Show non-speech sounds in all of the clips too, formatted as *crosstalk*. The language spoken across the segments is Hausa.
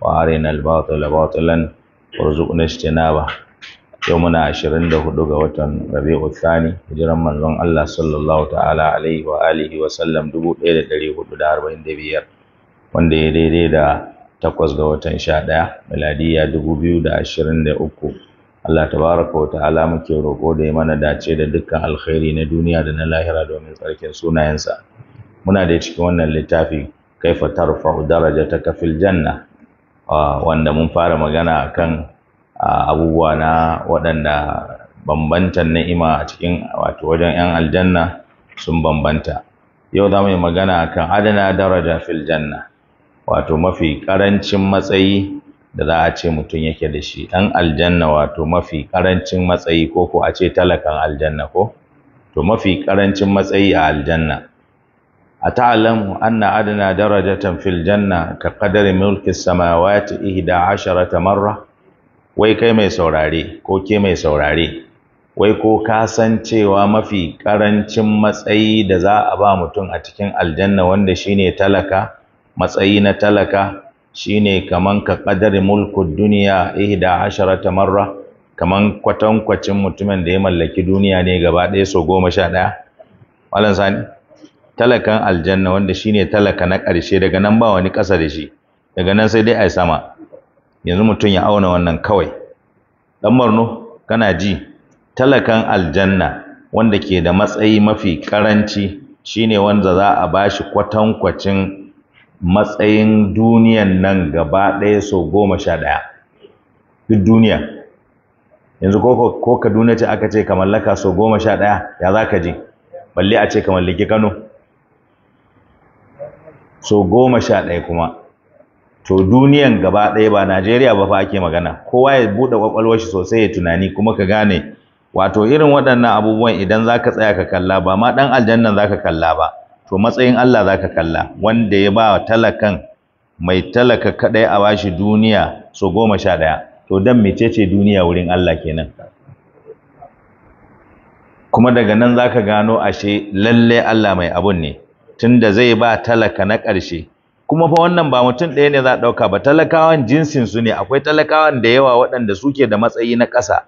وارنا الباطل باطلا وارزقنا اجتنابه yau muna 24 ga watan Rabi'u Thani hijiran manzon Allah sallallahu ta'ala alaihi wa alihi wa sallam 1445 wanda ya daidai da 8 ga watan 11 miladiya 2023 Allah tabaraka wa ta'ala muke roƙo da ya mana dace da dukkan alkhairi na duniya da na lahira domin tsarkin sunayensa muna da cikin wannan littafi kaifa tarfa'u darajataka fil janna Ah, wanda mun fara magana kan ah, abubuwa na waɗanda bambantan ni'ima a cikin wato wajen 'yan aljanna sun bambanta yau za mu yi magana kan adana daraja fil janna wato mafi ƙarancin matsayi da za a ce mutum yake da shi ɗan aljanna wato mafi ƙarancin matsayi ko ko a ce talakan aljanna ko to mafi ƙarancin matsayi a aljanna أتعلم أن أدنى درجة في الجنة كقدر ملك السماوات إحدى عشرة مرة wai kai mai saurare ko ke mai saurare wai ko ka san cewa mafi karancin matsayi da za a ba mutum a cikin aljanna wanda shine talaka matsayi na talaka shine kaman ka qadari mulkud duniya ihda asharata marra kaman kwatankwacin mutumin da ya mallaki duniya ne gaba ɗaya so goma sha ɗaya malam sani talakan aljanna wanda shine talaka na ƙarshe daga nan ba wani ƙasa da shi daga nan sai dai ai sama yanzu mutum ya auna wannan kawai dan marno kana ji talakan aljanna wanda ke da matsayi mafi karanci shine wanda za a bashi kwatankwacin matsayin duniyan nan gaba ɗaya so goma sha ɗaya duk duniya yanzu ko kaduna ce aka ce ka mallaka so goma sha ɗaya ya za ka ji balle a ce ka mallaki kano so goma sha ɗaya kuma to duniyan gaba ɗaya ba Najeriya ba fa ake magana kowa ya buɗe ƙwaƙwalwar shi sosai ya tunani kuma ka gane wato irin waɗannan abubuwan idan za ka tsaya ka kalla ba ma ɗan aljanna za ka kalla ba to matsayin Allah za ka kalla wanda ya ba talakan mai talaka kaɗai a bashi duniya so goma sha ɗaya to dan mecece duniya wurin Allah kenan kuma daga nan za ka gano ashe lallai Allah mai abun ne tunda zai ba talaka na ƙarshe kuma fa wannan ba mutum ɗaya ne za a ɗauka ba talakawan jinsin su ne akwai talakawan da yawa waɗanda suke da matsayi na ƙasa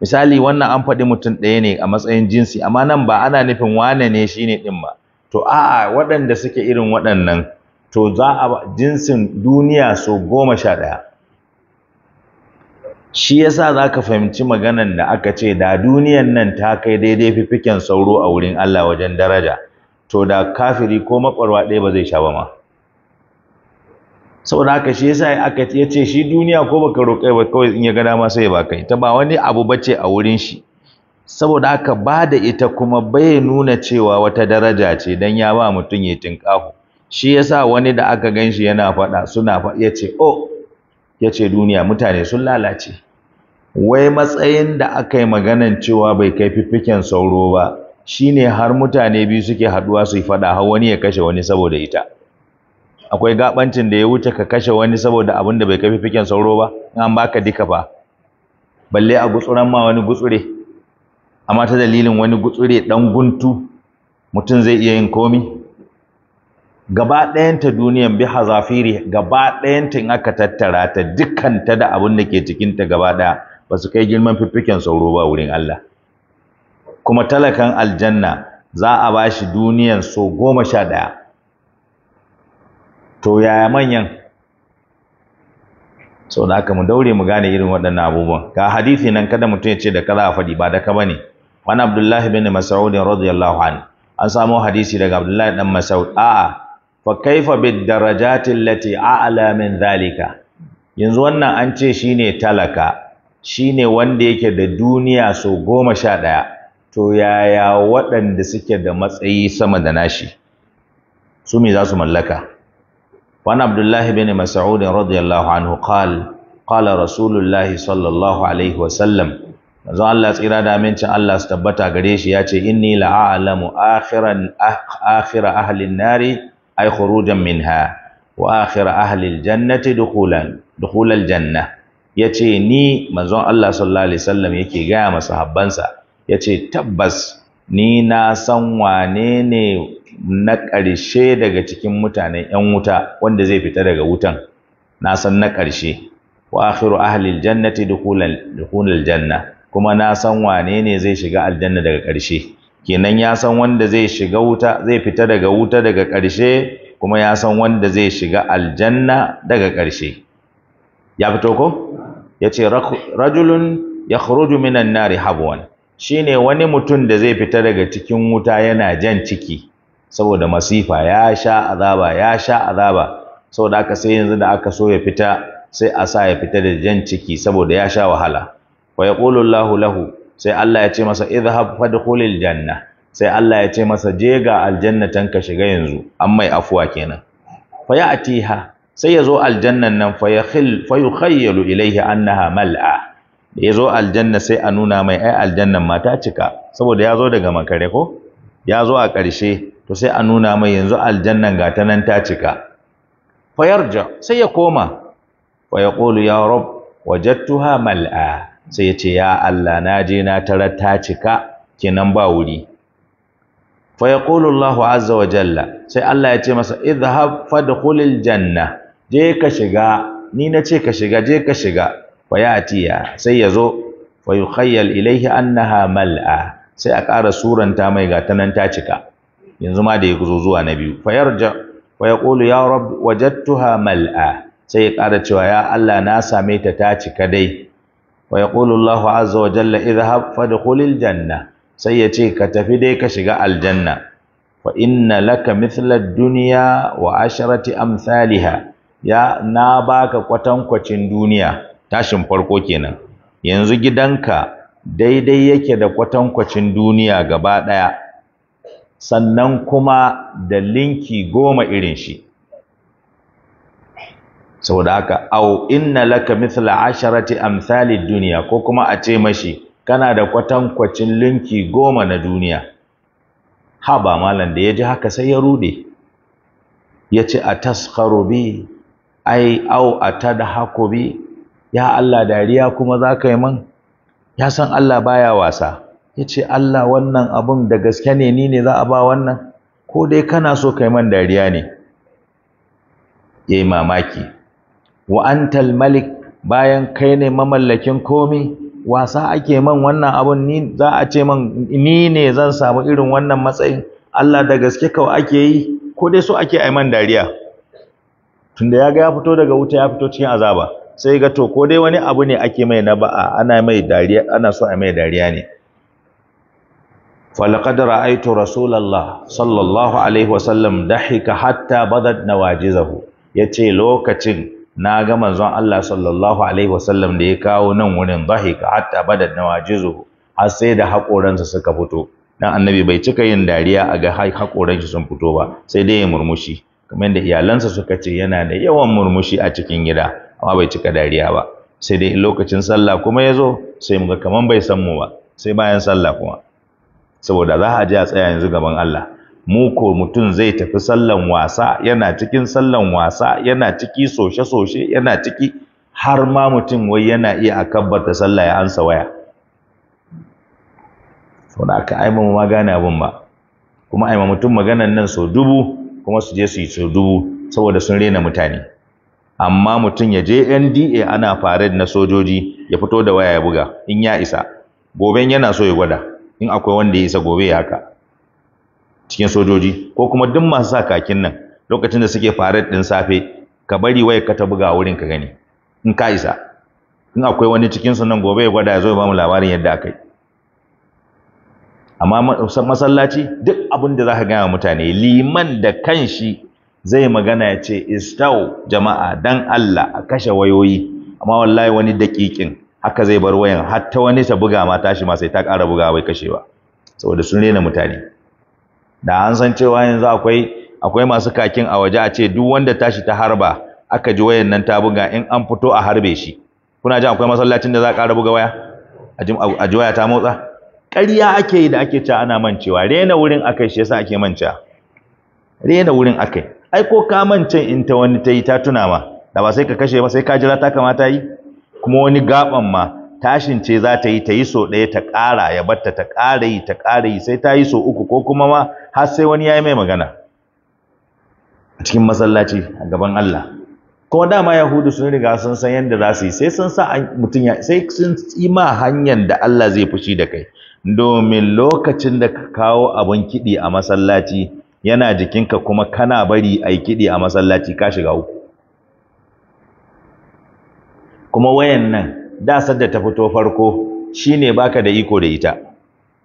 misali wannan an faɗi mutum ɗaya ne a matsayin jinsi amma nan ba ana nufin wane ne shi ɗin ba to a'a waɗanda suke irin waɗannan to za a jinsin duniya so goma sha ɗaya shi yasa za ka fahimci maganan da aka ce da duniyan nan ta kai daidai fifiken sauro a wurin Allah wajen daraja to da kafiri ko makwarwa ɗaya ba zai sha ba ma saboda haka shi yasa aka ya ce shi duniya ko baka roƙe ba kawai in ya ga dama sai ya baka ta ba wani abu bace a wurin shi saboda aka ba da ita kuma bai nuna cewa wata daraja ce dan ya ba mutum ya tinkahu shi yasa wani da aka gan shi yana faɗa suna faɗa ya ce oh ya ce duniya mutane sun lalace wai matsayin da aka yi maganan cewa bai kai fiffiken sauro ba shine har mutane biyu suke haduwa su yi fada har wani ya kashe wani saboda ita akwai gabancin da ya wuce ka kashe wani saboda abin da bai kafi fiken sauro ba in an baka duka ba balle a gutsuran ma wani gutsure amma ta dalilin wani gutsure dan guntu mutum zai iya yin komi gaba ta duniyan bi hazafiri gaba in aka tattara ta ta da abin da ke cikinta gaba ɗaya ba su kai girman fiffiken sauro ba wurin Allah kuma talakan aljanna za a ba shi duniyan so goma sha ɗaya to yaya manyan sau da aka mu daure mu gane irin waɗannan abubuwan ga hadisi nan kada mutum ya ce da kaza a faɗi ba da ka bane wani abdullahi bin mas'ud radiyallahu an an samo hadisi daga abdullahi dan mas'ud a'a fa kaifa bid darajati allati a'la min zalika yanzu wannan an ce shine talaka shine wanda yake da duniya so goma sha ɗaya to yaya waɗanda suke da matsayi sama da nashi su me za su mallaka Wani Abdullahi bin بن radiyallahu anhu الله عنه rasulullahi sallallahu alaihi Allah tsira da amincin Allah su tabbata gare shi ya ce inni la'alamu akhiran ah, akhira ahli an-nari ay khurujan minha wa akhira ahli al-jannati dukhulan dukhulal janna yace ni manzon Allah sallallahu alaihi wasallam yake ga masahabbansa ya ce tabbas ni na san wane ne na ƙarshe daga cikin mutanen 'yan wuta wanda zai fita daga wutan na san na ƙarshe wa akhiru ahlil jannati dukhulal janna kuma na san wane ne zai shiga aljanna daga ƙarshe kenan ya san wanda zai shiga wuta zai fita daga wuta daga ƙarshe kuma ya san wanda zai shiga aljanna daga ƙarshe ya fito ko Yace ce rajulun ya khuruju minan nari habwan shine wani mutum da zai fita daga cikin wuta yana jan ciki saboda masifa ya sha azaba ya sha azaba saboda aka sai yanzu da aka so ya fita sai a sa ya fita da jan ciki saboda ya sha wahala wa yaqulu Allahu lahu sai Allah ya ce masa idhhab fadkhulil janna sai Allah ya ce masa je ga aljannatan ka shiga yanzu an mai afuwa kenan fa ya'tiha sai ya zo aljannan nan fa yakhil fa yukhayyalu ilayhi annaha mal'a ya zo aljanna sai a nuna mai ai aljannan ma ta cika saboda ya zo daga makare ko ya zo a ƙarshe to sai a nuna mai yanzu aljannan ga ta nan ta cika fayarja sai ya koma wa ya ƙolu ya rob wajattuha mal'a sai ya ce ya Allah na je na tara ta cika kenan ba wuri fa yaqulu Allah azza wa jalla sai Allah ya ce masa idhhab fadkhulil janna je ka shiga ni na ce ka shiga je ka shiga wa yatiya sai ya zo wa ilaihi annaha mal'a sai a ƙara suranta mai ga ta nan ta cika yanzu ma da ya zo zuwa na biyu fa yarja wa yaqulu ya rabb wajadtuha mal'a sai ya ƙara cewa ya Allah na same ta ta cika dai wa yaqulu Allahu azza wa jalla idhhab fadkhulil janna sai ya ce ka tafi dai ka shiga aljanna fa inna laka mithla dunya wa asharati amsalha ya na baka kwatankwacin duniya tashin farko kenan yanzu gidanka daidai yake da kwatankwacin duniya gaba ɗaya sannan kuma da linki goma irin shi saboda haka au inna laka mithla a misali duniya ko kuma a ce mashi kana da kwatankwacin linki goma na duniya ha ba malam da ya ji haka sai ya rude ya ce a taskaru bi ai au a hako bi ya Allah dariya kuma za ka yi man ya san Allah baya wasa ya ce Allah wannan abun da gaske ne ni ne za a ba wannan ko dai kana so ka yi man dariya ne ya yi mamaki wa antal malik bayan kai ne mamallakin komi wasa ake man wannan abun ni za a ce man ni ne zan samu irin wannan matsayin Allah da gaske kawai ake yi ko dai so ake man dariya tunda ya ga ya fito daga wuta ya fito cikin azaba sai ga to ko dai wani abu ne ake mai na ba'a ana mai dariya ana so a mai dariya ne falaqad ra'aytu rasulallah sallallahu alaihi wasallam dahika hatta badat nawajizahu yace lokacin na ga manzon Allah sallallahu alaihi wasallam da ya kawo nan wurin dahika hatta badat nawajizuhu har sai da hakoransa suka fito dan annabi bai cika yin dariya a ga hakoran sun fito ba sai dai ya murmushi kamar da iyalansa suka ce yana da yawan murmushi a cikin gida amma bai cika dariya ba sai dai lokacin sallah kuma ya zo sai muga kaman bai san mu ba sai bayan sallah kuma saboda za a je a tsaya yanzu gaban Allah mu ko mutum zai tafi sallan wasa yana cikin sallan wasa yana ciki soshe-soshe yana ciki har ma mutum wai yana iya akabbata sallah ya ansa waya saboda aka aima mu ma gane abin ba kuma aima mutum maganan nan so dubu kuma su je su yi so dubu saboda sun rena mutane amma mutum ya je NDA ana parade na sojoji ya fito da waya ya buga in ya isa goben yana so ya gwada in akwai wanda ya isa gobe ya haka cikin sojoji ko kuma duk masu sa kakin nan lokacin da suke parade din safe ka bari waya ka ta buga wurin ka gani in ka isa in akwai wani cikin su nan gobe ya gwada ya zo ya ba labarin yadda aka yi amma masallaci duk abin da za ka gaya mutane liman da kanshi zai magana ya ce istau jama'a dan Allah a kashe wayoyi amma wallahi wani dakikin haka zai bar wayan hatta wani ta buga ma tashi ma sai ta ƙara buga bai kashe ba saboda sun rena mutane da an san cewa yanzu akwai akwai masu kakin a waje a ce duk wanda tashi ta harba aka ji wayan nan ta buga in an fito a harbe shi kuna ji akwai masallacin da za a ƙara buga waya a ji waya ta motsa ƙarya ake yi da ake cewa ana mancewa rena wurin akai shi yasa ake mancewa rena wurin akai ai ko ka mancan in ta wani ta yi ta tuna ma da ba sai ka kashe ba sai ka jira ta kamata yi kuma wani gaban ma tashin ce za ta yi ta yi so ɗaya ta ƙara ya batta ta ƙara yi ta ƙara yi sai ta yi so uku ko kuma ma har sai wani ya yi mai magana a cikin masallaci a gaban Allah kuma dama yahudu sun riga sun san yadda za su yi sai sun sa mutum ya sai sun tsima hanyar da Allah zai fushi da kai domin lokacin da ka kawo abin kiɗi a masallaci yana jikinka kuma kana bari a yi kiɗi a masallaci ka shiga uku kuma wayan nan da ta fito farko shi shine baka da iko da ita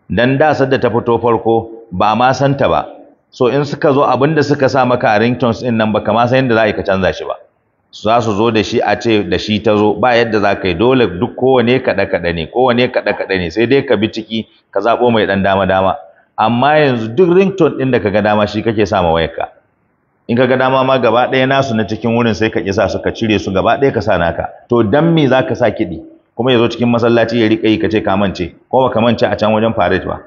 dasar da ta fito farko ba ma santa ba so in suka zo abin da suka sa maka a ringtones ɗin nan baka ma san yadda za ka canza shi ba za su zo da shi a ce da shi ta zo ba yadda za ka yi dole duk kowane kaɗe-kaɗe ne kowane kaɗe-kaɗe ne sai dai ka bi ciki ka zaɓo mai ɗan dama-dama amma yanzu duk ringtone din da kaga dama shi kake sa ma wayarka in kaga dama ma gaba ɗaya nasu na cikin wurin sai ka kisa su ka cire su gaba ɗaya ka sa naka to dan me zaka sa kiɗi kuma yazo cikin masallaci ya rika yi kace ka mance ko baka mance a can wajen parade ba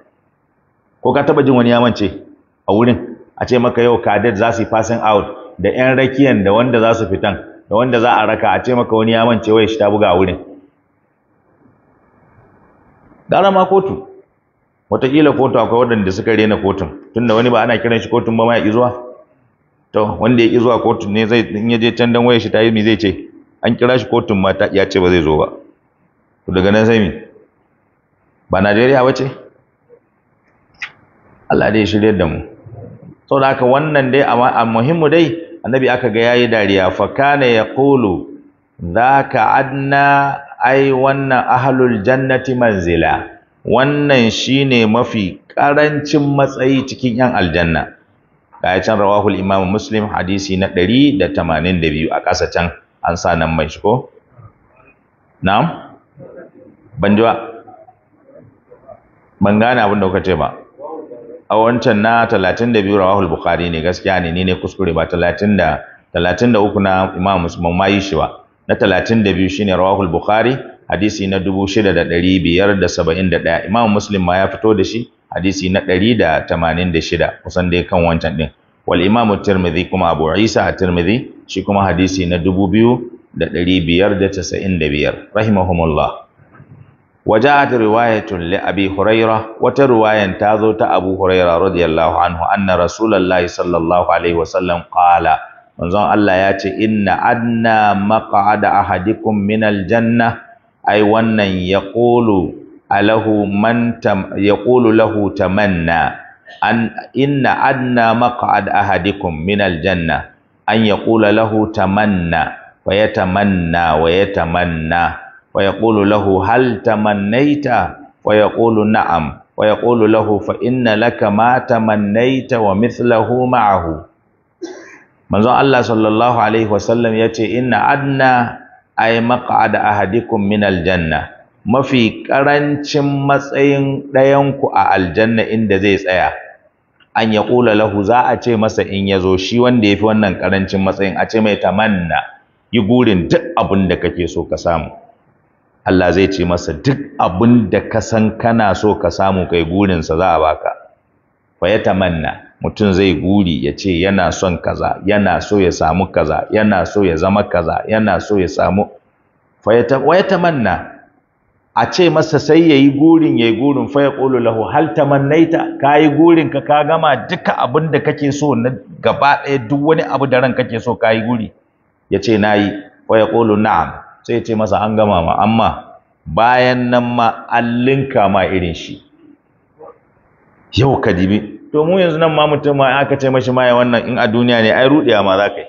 ko ka taba jin wani ya mance a wurin a ce maka yau kadet za su yi passing out da yan rakiyan da wanda za su fitan da wanda za a raka a ce maka wani ya mance wai shi ta buga a wurin gara ma kotu wataƙila kotu akwai waɗanda suka rena kotun tunda wani ba ana kiran shi kotun ba ma ya zuwa to wanda ya zuwa kotun ne zai in ya je can dan wayar shi ta yi me zai ce an kira shi kotun ma ta ya ce ba zai zo ba to daga nan sai mi ba Najeriya ba ce Allah dai shirye da mu saboda haka wannan dai a muhimmu dai annabi aka ga yayi dariya fa kana yaqulu dhaka adna ai wannan ahlul jannati manzila wannan shi ne mafi ƙarancin matsayi cikin 'yan aljanna ga can rawahul imamu muslim hadisi na 182 a ƙasa can an sa nan mai shiko? ko na'am ban ji ban gane abin da kuka ce ba a wancan na 32 rawahul bukhari ne gaskiya ne ni ne kuskure ba 30 da 33 na imamu musulman ma yi shi ba na 32 ne rawahul bukhari hadisi na 6571 Imam Muslim ma ya fito da shi hadisi na 186 kusan dai kan wancan din wal Imam Tirmidhi kuma Abu Isa Tirmidhi shi kuma hadisi na 2595 rahimahumullah وجاءت رواية لأبي هريرة وترواية تازو أبو هريرة رضي الله عنه أن رسول الله صلى الله عليه وسلم قال منظر الله ياتي إن أدنى مقعد أحدكم من الجنة ai wannan yaqulu alahu man tam yaqulu lahu tamanna an inna adna maq'ad ahadikum min aljanna an yaqula lahu tamanna wa yatamanna wa yatamanna wa yaqulu lahu hal tamannaita wa yaqulu na'am wa yaqulu lahu fa inna laka ma tamannaita wa mislahu ma'ahu manzon Allah sallallahu alaihi wasallam yace inna adna maka maq'ad ahadikum min aljanna mafi karancin matsayin ɗayanku a aljanna inda zai tsaya an ya ƙula lahu za a ce masa in ya zo shi wanda yafi wannan ƙarancin matsayin a ce mai tamanna yi gurin duk abin da kake so ka samu Allah zai ce masa duk abin da ka san kana so ka samu kai gurinsa za a baka fa ya tamanna mutum zai guri ya ce yana son kaza yana so ya samu kaza yana so ya zama kaza yana so ya samu waya ya manna, a ce masa sai ya yi gurin ya yi gurin faya ƙulu lahu hal mannaita, ka yi gurin ka ka gama duka abin da kake so na gaba ɗaya duk wani abu da ran kake so ka yi guri ya ce na yi faya ƙulu na'am sai ya ce masa an gama ma amma bayan nan ma an linka ma irin shi yau ka dibi to mu yanzu nan ma mutum ma aka ce mashi maye wannan in a duniya ne ai rudiya ma za ka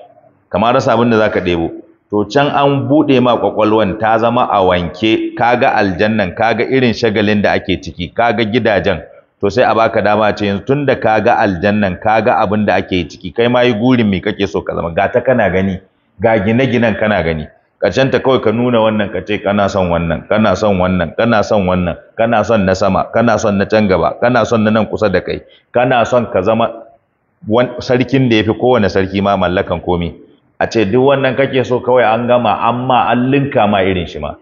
kamar rasa abin da za ka ɗebo to can an buɗe ma kwakwalwan ta zama a wanke kaga aljannan kaga irin shagalin da ake ciki kaga gidajen to sai a baka dama ce yanzu tunda kaga aljannan kaga abin da ake ciki kai ma yi gurin me kake so ka zama ga ta kana gani ga gine-ginen kana gani ta kawai ka nuna wannan ka ce kana son wannan kana son wannan kana son wannan kana son na sama kana son na can gaba kana son na nan kusa da kai kana son ka zama sarkin da ya fi kowane sarki ma mallakan komi a ce duk wannan kake so kawai an gama amma an linka ma irin shi ma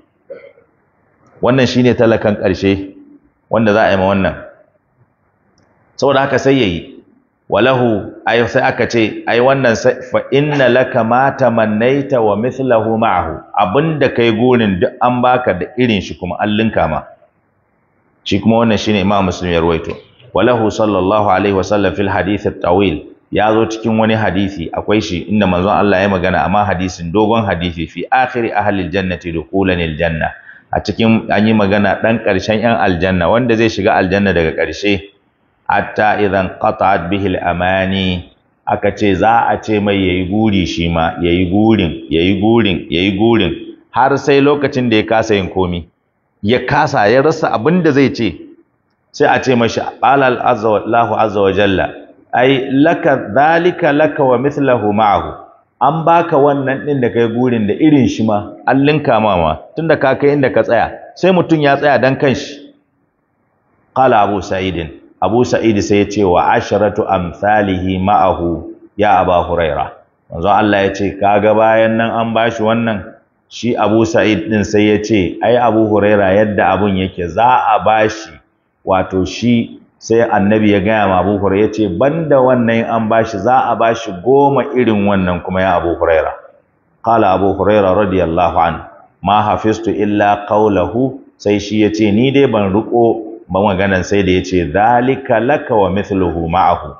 wannan shine talakan karshe wanda za a yi ma wannan saboda haka sai yayi walahu ai sai aka ce ai wannan fa inna laka ma tamannaita wa mithluhu ma'ahu abinda kai gurin duk an baka da irin shi kuma an linka ma shi kuma wannan shine Imam Muslim ya walahu sallallahu alaihi wa sallam fil hadith at-tawil ya zo cikin wani hadisi akwai shi inda manzon Allah ya magana amma hadisin dogon hadisi fi akhiri ahli al-jannati dukulan al-janna a cikin an yi magana dan karshen yan aljanna wanda zai shiga aljanna daga karshe hatta idan qata'at bihi al-amani aka ce za a ce mai yayi guri shi ma yayi gurin yayi gurin yayi gurin har sai lokacin da ya kasa yin komi ya kasa ya rasa abin da zai ce sai a ce mashi alal Allahu azza wa jalla ai laka zalika laka wa mithluhu ma'ahu an baka wannan din da kai gurin da irin shi ma an ma ma tunda ka kai inda ka tsaya sai mutum ya tsaya dan kanshi qala abu sa'idin Abu Sa'id sai ya ce wa asharatu amsalihi ma'ahu ya Aba Huraira manzon Allah ya ce kaga bayan nan an bashi wannan shi Abu Sa'id din sai ya ce ai Abu Huraira yadda abun yake za a bashi wato shi sai annabi ya gaya ma Abu Huraira ya ce banda wannan an bashi za a bashi goma irin wannan kuma ya Abu Huraira qala Abu Huraira radiyallahu anhu ma hafistu illa qawlahu sai shi ya ce ni dai ban riko ban maganan sai da yace zalika laka wa mithluhu ma'ahu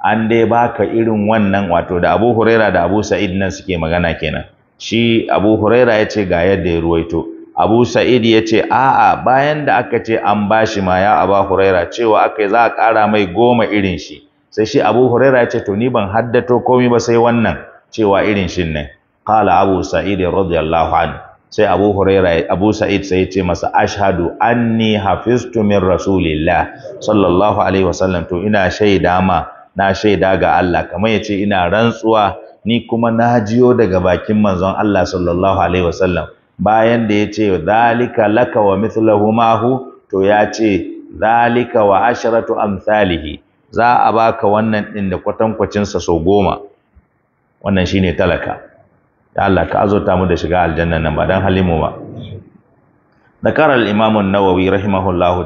an dai baka irin wannan wato da Abu Huraira da Abu Sa'id nan suke magana kenan shi Abu Huraira ce ga yadda ya ruwaito Abu Sa'id yace a'a bayan da aka ce an bashi ma ya Abu Huraira cewa akai za a ƙara mai goma irin shi sai shi Abu Huraira yace to ni ban haddato komai ba sai wannan cewa irin shin ne qala Abu Sa'id radiyallahu anhu sai Abu Huraira Abu Sa'id sai ce masa ashhadu anni hafiztu min rasulillah sallallahu alaihi wasallam to ina shaida ma na shaida ga Allah kamar yace ina rantsuwa ni kuma na jiyo daga bakin manzon Allah sallallahu alaihi wasallam bayan da yace zalika laka wa mithluhu mahu to ya ce zalika wa asharatu amsalihi za a baka wannan din da kwatankwacinsa sau goma wannan shine talaka da Allah ka azurta mu da shiga aljanna nan ba dan halimu ba da karal imam an-nawawi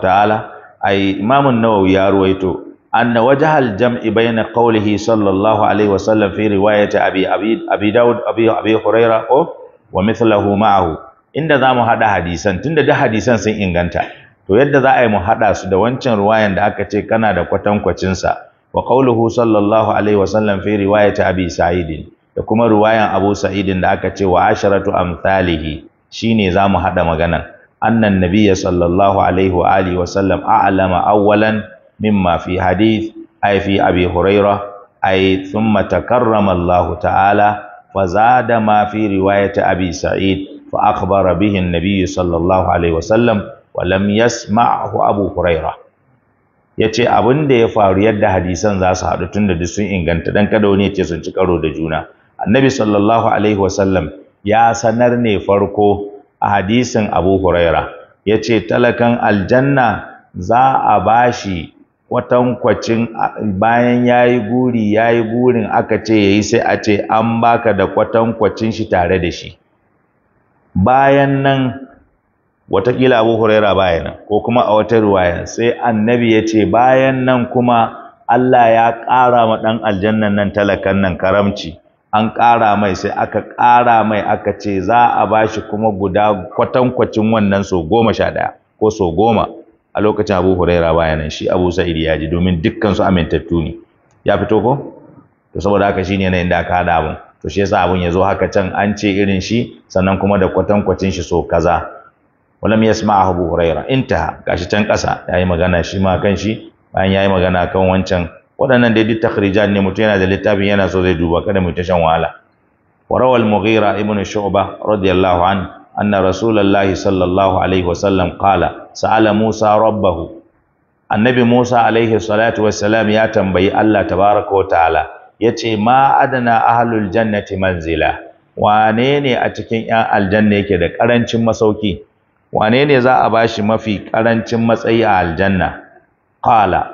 ta'ala ai imam an ya ruwaito anna wajhal jam'i bayna qawlihi sallallahu alaihi wa sallam fi riwayat abi abid abi daud abi wa mithluhu ma'ahu inda zamu haɗa hadisan tunda da hadisan sun inganta to yadda za a yi mu haɗa su da wancan riwayan da aka ce kana da kwatankwacinsa. wa qawluhu sallallahu alaihi wa sallam fi riwayat abi sa'idin da kuma ruwayan Abu Sa'idin da aka ce wa asharatu amsalihi shine zamu haɗa maganan annan nabiyya sallallahu alaihi wa alihi wa sallam a'lama awwalan mimma fi hadith ay fi abi huraira ay thumma takarrama Allah ta'ala fazada ma fi riwayati abi sa'id fa akhbara bihi an-nabiy sallallahu alaihi wa sallam wa lam yasma'hu abu huraira yace abin da ya faru yadda hadisan za su haɗu da duk sun inganta dan kada wani yace sun ci karo da juna annabi sallallahu alaihi wasallam ya sanar ne farko a hadisin abu huraira ya ce talakan aljanna za a bashi kwatankwacin bayan ya yi guri ya yi gurin aka ce ya yi sai a ce an baka da kwatankwacin shi tare da shi bayan nan watakila abu huraira bayan nan ko kuma a wata ruwaya sai annabi ya ce bayan nan kuma allah ya ƙara ma ɗan aljannan nan talakan nan karamci an ƙara mai sai aka ƙara mai aka ce za a bashi kuma guda kwatankwacin wannan so goma sha ɗaya ko so goma a lokacin abu huraira bayanan shi abu sa'id ya ji domin dukkansu amintattu ne ya fito ko to saboda haka shine na inda aka haɗa abun to shi yasa abun ya zo haka can an ce irin shi sannan kuma da kwatankwacin shi so kaza walam yasma'ahu abu huraira intaha gashi can ƙasa yayi magana shi ma kan shi bayan yayi magana kan wancan waɗannan dai duk takhrijan ne mutum yana da littafin yana so zai duba kada mu ta shan wahala wa rawal mughira ibn shu'ba radiyallahu an anna rasulullahi sallallahu alaihi wasallam qala sa'ala musa rabbahu annabi musa alaihi salatu wassalam ya tambayi allah tabaraka wa ta'ala yace ma adana ahlul jannati manzila wane ne a cikin 'yan aljanna yake da ƙarancin masauki wane ne za a bashi mafi ƙarancin matsayi a aljanna qala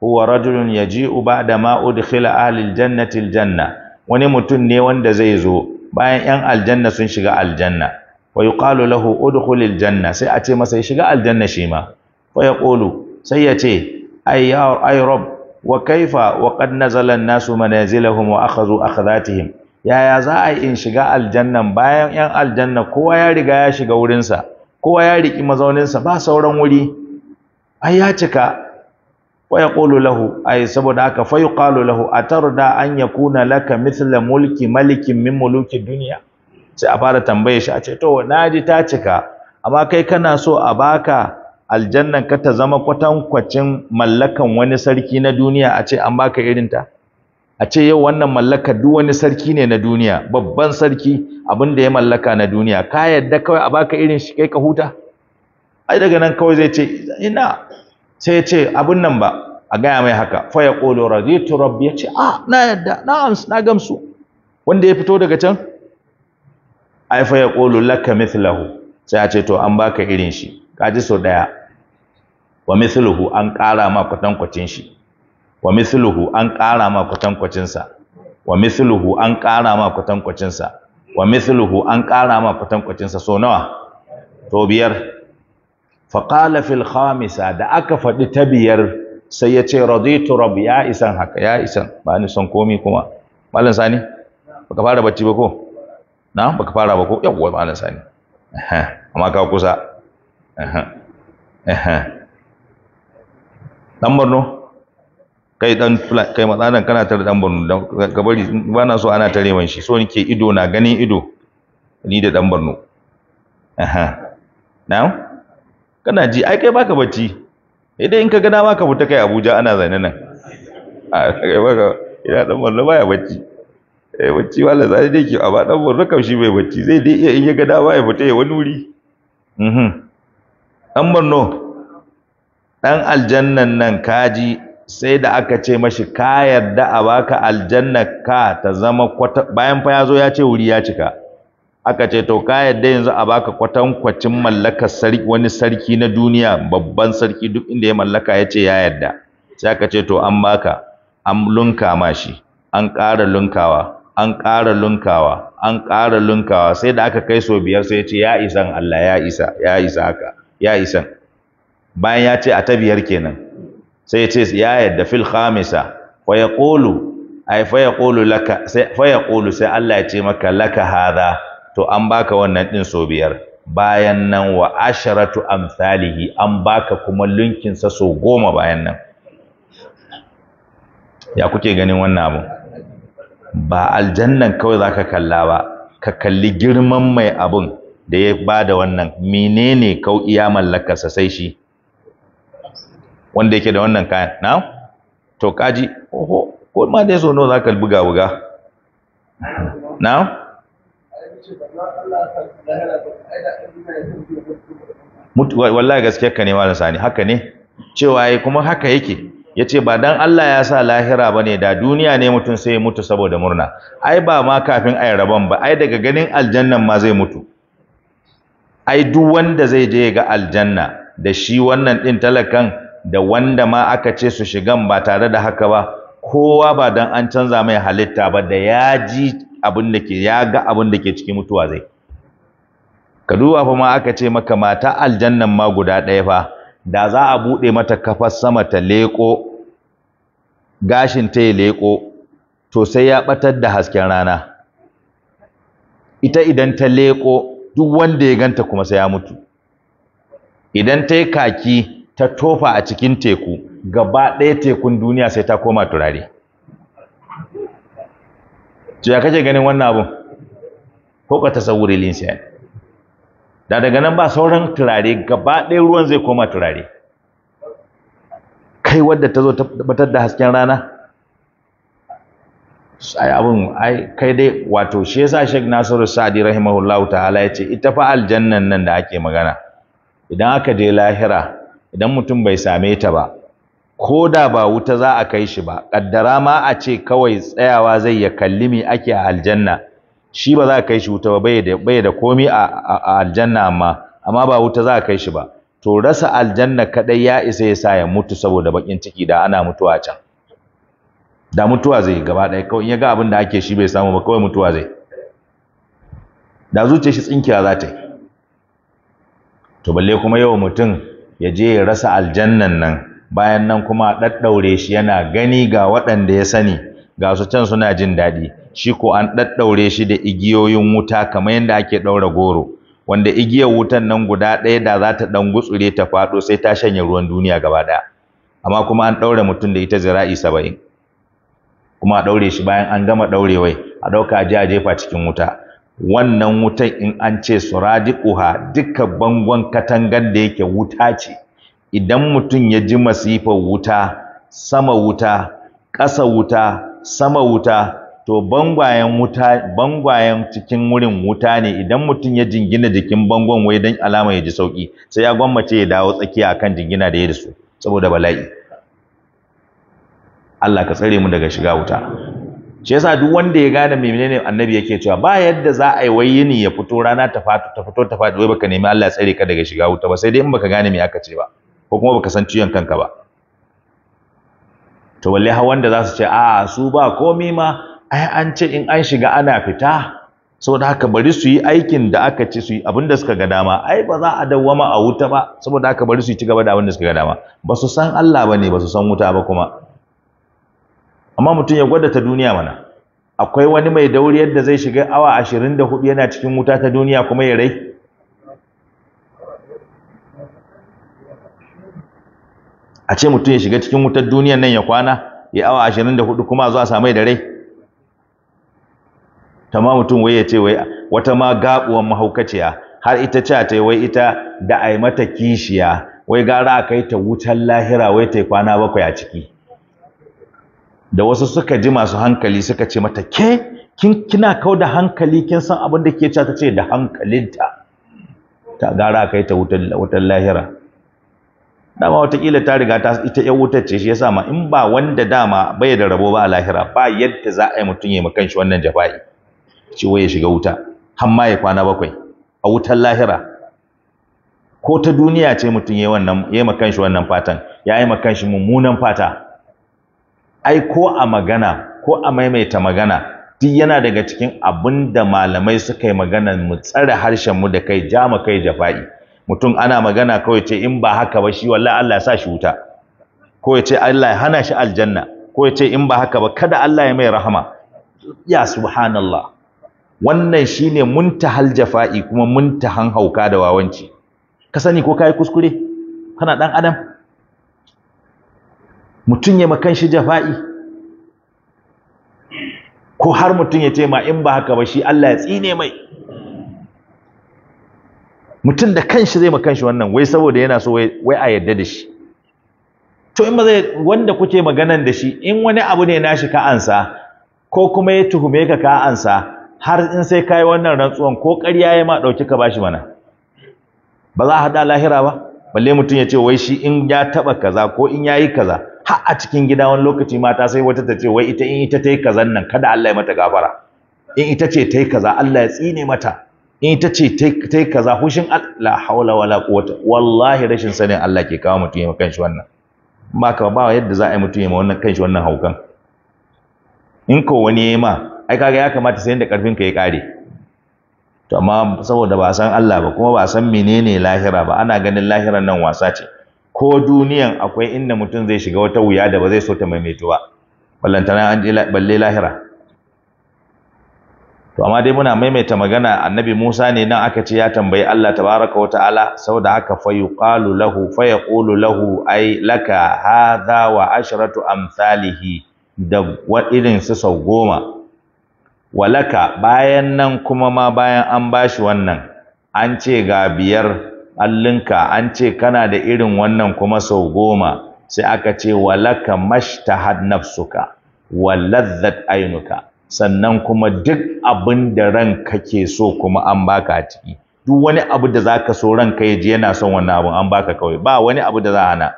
huwa rajulun yaji'u ba'da ma udkhila ahlil jannati aljanna wani mutum ne wanda zai zo bayan yan aljanna sun shiga aljanna wa yuqalu lahu udkhulil janna sai a ce masa ya shiga aljanna shi ma fa yaqulu sai ya ce ay ya ay rabb wa kaifa wa qad nazala an-nasu manazilahum wa akhadhu akhdatihim yaya za a in shiga aljannan bayan yan aljanna kowa ya riga ya shiga wurinsa kowa ya riki mazauninsa ba sauran wuri ai ya cika wa yaqulu lahu ay saboda haka fa yuqalu lahu atarda an yakuna laka mithla mulki malikin min muluki dunya sai a fara tambaye shi a ce to naji ta cika amma kai kana so a baka aljannan ka ta zama kwatankwacin mallakan wani sarki na duniya a ce an baka ta, a ce yau wannan mallaka duk wani sarki ne na duniya babban sarki abin da ya mallaka na duniya ka yadda kawai a baka irin shi kai ka huta ai daga nan kawai zai ce ina sai ya ce abin nan ba a gaya mai haka fa ya qulu raditu rabbi ya ce a na yadda na na gamsu wanda ya fito daga can ai fa ya ƙolo laka mithlahu sai ya ce to an baka irin shi kaji sau daya wa mithluhu an ƙara ma kwatankwacin shi wa mithluhu an ƙara ma kwatankwacin sa wa mithluhu an ƙara ma kwatankwacin sa wa mithluhu an ƙara ma kwatankwacin sa so nawa to biyar faƙala fil khamisa da aka faɗi ta biyar sai ya ce raditu rabbi ya isan haka ya isan ba ni son komi kuma malam sani baka fara bacci ba ko na baka fara ba ko yawwa malam sani amma ka kusa dan Borno kai dan kai matsalan kana dan Borno ka so ana tare man shi so nake ido na ganin ido ni da dan Borno kana ji ai kai baka bacci idan in ka ga dama ka fita kai Abuja ana zane nan a kai baka ina dan Borno baya bacci eh bacci wala zai dai ki a ba dan Borno kaushi shi bai bacci zai dai iya in ya ga dama ya fita ya wani wuri mhm dan manno dan aljannan nan kaji sai da aka ce mashi ka yarda a baka aljanna ka ta zama kwata bayan fa ya zo ya ce wuri ya cika aka ce to ka yadda yanzu a baka kwatan kwacin mallakar sarki wani sarki na duniya babban sarki duk inda ya mallaka ya ce ya yadda sai aka ce to an baka an lunka ma shi an ƙara lunkawa an ƙara lunkawa an ƙara lunkawa sai da aka kai so biyar sai ya ce ya isan Allah ya isa ya isa haka ya isan bayan ya ce a ta biyar kenan sai ya ce ya yadda fil khamisa fa yaqulu ay fa yaqulu laka sai fa yaqulu sai Allah ya ce maka laka hadha to an baka wannan din so biyar bayan nan wa asharatu amsalihi an baka kuma linkin sa so goma bayan nan ya kuke ganin wannan abu ba aljannan kawai zaka kalla ba ka kalli girman mai abun da ya bada wannan menene kau iya mallakarsa sai shi wanda yake da wannan kayan na to kaji oho ko ma dai so nawa zaka buga buga na wallahi gaskiyar ka ne malam sani haka ne cewa yi kuma haka yake Ya ce ba dan Allah ya sa lahira ba ne da duniya ne mutum sai ya mutu saboda murna ai ba ma kafin ai rabon ba ai daga ganin aljannan ma zai mutu ai duk wanda zai je ga aljanna da shi wannan ɗin talakan da wanda ma aka ce su shigan ba tare da haka ba kowa ba dan an canza mai halitta ba da ya ji abin da ke ya ga abin da ke cikin mutuwa zai ka duba fa ma aka ce maka mata aljannan ma guda ɗaya fa da za a buɗe mata kafar sama ta leƙo gashin ta ya leƙo to sai ya ɓatar da hasken rana ita idan ta leƙo duk wanda ya ganta kuma sai ya mutu idan ta yi kaki ta tofa a cikin teku gaba ɗaya tekun duniya sai ta koma turare to ya kace ganin wannan abun ko ka tasawuri linsan da daga nan ba sauran turare gaba ɗaya ruwan zai koma turare kai wadda ta zo tabbatar da hasken rana ai abun ai kai dai wato shi yasa Sheikh Nasiru Sa'di rahimahullahu ta'ala yace ita fa aljannan nan da ake magana idan aka je lahira idan mutum bai same ta ba ko da ba wuta za a kai shi ba kaddara ma a ce kawai tsayawa zai ya kalli me ake a aljanna shi ba za a kai shi wuta ba bai da komi a aljanna amma amma ba wuta za a kai shi ba to rasa aljanna kadai ya isa ya sa ya mutu saboda bakin ciki da ana mutuwa can da mutuwa zai gaba ɗaya kawai in ya ga abin da ake shi bai samu ba kawai mutuwa zai da zuciyar shi tsinkiya za ta yi to balle kuma yau mutum ya je ya rasa aljannan nan bayan nan kuma a ɗaɗɗaure shi yana gani ga waɗanda ya sani ga su can suna jin daɗi shi ko an ɗaɗɗaure shi da igiyoyin wuta kamar yadda ake ɗaura goro wanda igiyar wutan nan guda ɗaya da za ta ɗan gutsure ta faɗo sai ta shanye ruwan duniya gaba ɗaya amma kuma an ɗaure mutum da ita zira'i saba'in kuma a ɗaure shi bayan an gama ɗaurewai a ɗauka a je a jefa cikin wuta wannan wutan in an ce uha duka bangon katangar da yake wuta ce idan mutum ya ji masifar wuta sama wuta ƙasa wuta sama wuta to bangwayen wuta bangwayen cikin wurin wuta ne idan mutum ya jingina jikin bangon wai dan alama ya ji sauki sai ya gwammace ya dawo tsakiya kan jingina da ya da su saboda bala'i Allah ka tsare mu daga shiga wuta shi yasa duk wanda ya gane menene annabi yake cewa ba yadda za a yi wayyini ya fito rana ta fito ta fito ta wai baka nemi Allah ya tsare ka daga shiga wuta ba sai dai in baka gane me aka ce ba ko kuma baka san ciyon kanka ba to balle ha wanda za su ce a su ba komi ma ai an ce in an shiga ana fita saboda haka bari su yi aikin da aka ce su yi abin da suka ga dama ai ba za a dawwama a wuta ba saboda haka bari su yi ci gaba da abin da suka ga dama ba su san Allah ba ne ba su san wuta ba kuma amma mutum ya gwada ta duniya mana akwai wani mai dauriyar da zai shiga awa ashirin da hudu yana cikin wuta ta duniya kuma ya rai a ce mutum ya shiga cikin wutar duniya nan ya kwana ya awa ashirin da hudu kuma zuwa samai da rai ma mutum wai ya ce wai wata ma gabuwan mahaukaciya har ita ce ta wai ita da ai mata kishiya wai gara a kai ta wutar lahira wai ta kwana bakwai a ciki da wasu suka ji masu hankali suka ce mata ke kin kina kau da hankali kin san abin da ke ta ce da hankalinta ta gara a kai ta wutar lahira dama watakila ta riga ta ita ya wutar ce shi yasa ma in ba wanda dama bai da rabo ba a lahira ba yadda za a yi mutum ya makan shi wannan jafa'i ce ya shiga wuta har ma ya kwana bakwai a wutar lahira ko ta duniya ce mutum ya wannan ya makan shi wannan fatan ya yi makan shi mummunan fata ai ko a magana ko a maimaita magana duk yana daga cikin abin da malamai suka yi magana mu tsare harshen mu da kai ja mu kai jafa'i mutum ana magana kawai ce in ba haka ba shi wallahi Allah ya sa shi wuta ko ya ce Allah ya hana shi aljanna ko ya ce in ba haka ba kada Allah ya mai rahama ya subhanallah wannan shine muntahal jafa'i kuma muntahan hauka da wawanci ka sani ko kai kuskure kana dan adam mutum ya makan shi jafa'i ko har mutum ya ce ma in ba haka ba shi Allah ya tsine mai mutum da kanshi zai ma kanshi wannan wai saboda yana so wai a yadda da shi to in ba zai wanda kuke maganan da shi in wani abu ne nashi ka ansa ko kuma ya tuhume ka ka ansa har in sai kai wannan rantsuwan ko ƙarya ya ma ɗauki ka bashi mana ba za a haɗa lahira ba balle mutum ya ce wai shi in ya taɓa kaza ko in ya yi kaza har a cikin gida wani lokaci mata sai wata ta ce wai ita in ita ta yi kazan nan kada Allah ya mata gafara in ita ce ta yi kaza Allah ya tsine mata in ta ce ta yi kaza hushin Allah haula wala quwwata wallahi rashin sanin Allah ke kawo mutum ya kanshi wannan ba ka ba yadda za a yi mutum ya wannan kanshi wannan haukan in ko wani ya yi ma ai kaga ya kamata sayan da karfin ka ya kare to amma saboda ba a san Allah ba kuma ba a san menene lahira ba ana ganin lahiran nan wasa ce ko duniyan akwai inda mutum zai shiga wata wuya da ba zai so ta maimaituwa ballantana an balle lahira to amma dai muna maimaita magana annabi Musa ne nan aka ce ya tambayi Allah tabaraka wata'ala saboda haka fa yuqalu lahu fa yaqulu lahu ai laka hadha wa ashratu amsalihi da wa irin su sau goma walaka bayan nan kuma ma bayan an bashi wannan an ce ga biyar allinka an ce kana da irin wannan kuma sau goma sai aka ce walaka mashtahad nafsuka wa ladzat ainuka sannan kuma duk abin da ranka ke so kuma an baka a ciki duk wani abu da zaka so ranka ya ji yana son wannan abun an baka kawai ba wani abu da za a hana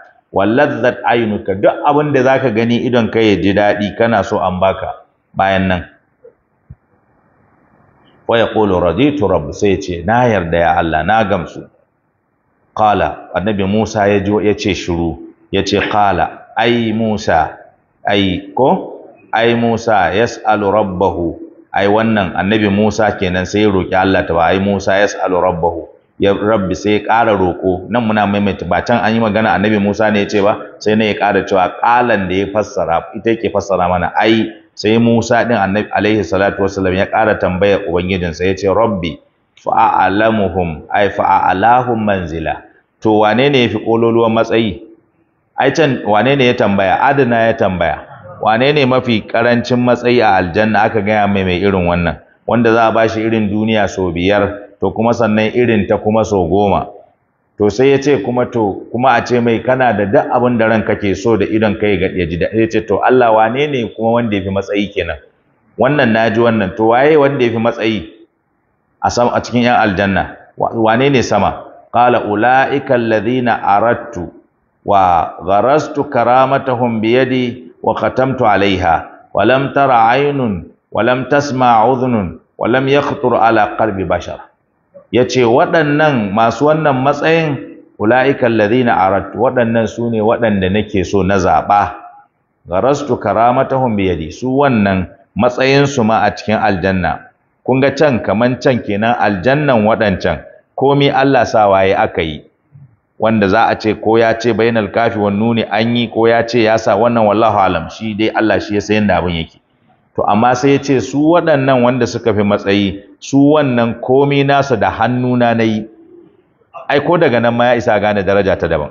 aynuka duk abin da zaka gani idon ka ya ji daɗi kana so an baka bayan nan wa yaqulu raditu rabb sai ce na yarda ya Allah na gamsu qala annabi Musa ya yace ce shiru ya ce qala ai Musa ai ko ai Musa yas'alu rabbahu ai wannan annabi Musa kenan sai ya roki Allah ta ba ai Musa yas'alu rabbahu ya rabbi sai ya ƙara roko nan muna maimaita ba can an yi magana annabi Musa ne ya ce ba sai na ya ƙara cewa ƙalan da ya fassara ita yake fassara mana ai sai Musa din annabi alaihi salatu wasallam ya ƙara tambaya Sai ya ce rabbi fa'alamuhum ai fa'alahum manzila to wane ne ya fi ƙololuwan matsayi ai can wane ne ya tambaya adana ya tambaya wane ne mafi karancin matsayi a aljanna aka gaya mai mai irin wannan wanda za a bashi irin duniya so biyar to kuma sannan irin ta kuma so goma to sai ya ce kuma to kuma a ce mai kana da duk abin da ran kake so da idon kai ga ya ji da ya ce to Allah wane ne kuma wanda ya fi matsayi kenan wannan naji wannan to waye wanda ya fi matsayi a sam a cikin yan aljanna wane ne sama qala ulaika alladhina aratu wa gharastu karamatahum bi yadi wa khatamtu alaiha wa lam tara aynun walam lam tasma udhunun wa lam ala qalbi bashar yace waɗannan masu wannan matsayin ulaika alladhina aradtu waɗannan sune waɗanda nake so na zaɓa. garastu karamatahum bi su wannan matsayin su ma a cikin aljanna kun ga can kaman can kenan aljannan waɗancan komi Allah sawaye aka yi wanda za a ce ko ya ce bainal kafi wan nuni an yi ko ya ce ya sa wannan wallahu alam shi dai Allah shi ya sayan da abin yake to amma sai ya ce su waɗannan wanda suka fi matsayi su wannan komai nasa da hannuna na yi ai ko daga nan ma ya isa gane daraja ta daban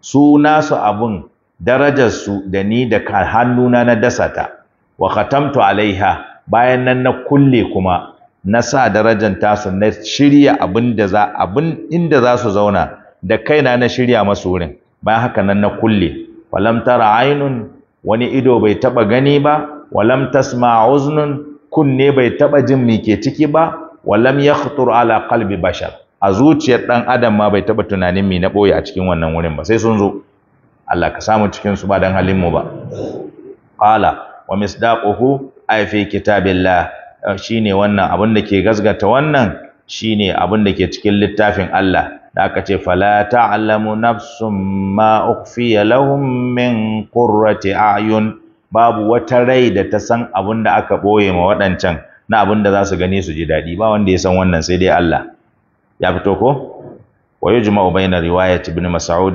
su nasu abun darajarsu da ni da hannuna na dasa ta wa khatamtu alaiha bayan nan na kulle kuma na sa darajar tasu na shirya abin da za su zauna da kaina na shirya masu wurin bayan haka nan na kulle walam tara ainun wani ido bai taba gani ba walam tasma uznun kunne bai taba jin me ke ciki ba walam yakhtur ala qalbi bashar a zuciyar ɗan adam ma bai taba tunanin me na boye a cikin wannan wurin ba sai sun zo Allah ka samu cikin su ba dan halin mu ba qala wa misdaquhu ay fi kitabillah shine wannan abin da ke gazgata wannan shine abin da ke cikin littafin Allah da aka ce fala alamu nafsun ma ukhfiya lahum min qurrati a'yun babu wata rai da ta san abin da aka boye ma waɗancan na abin da za su gani su ji daɗi ba wanda ya san wannan sai dai Allah ya fito ko wa yujma'u bayna riwayat ibn mas'ud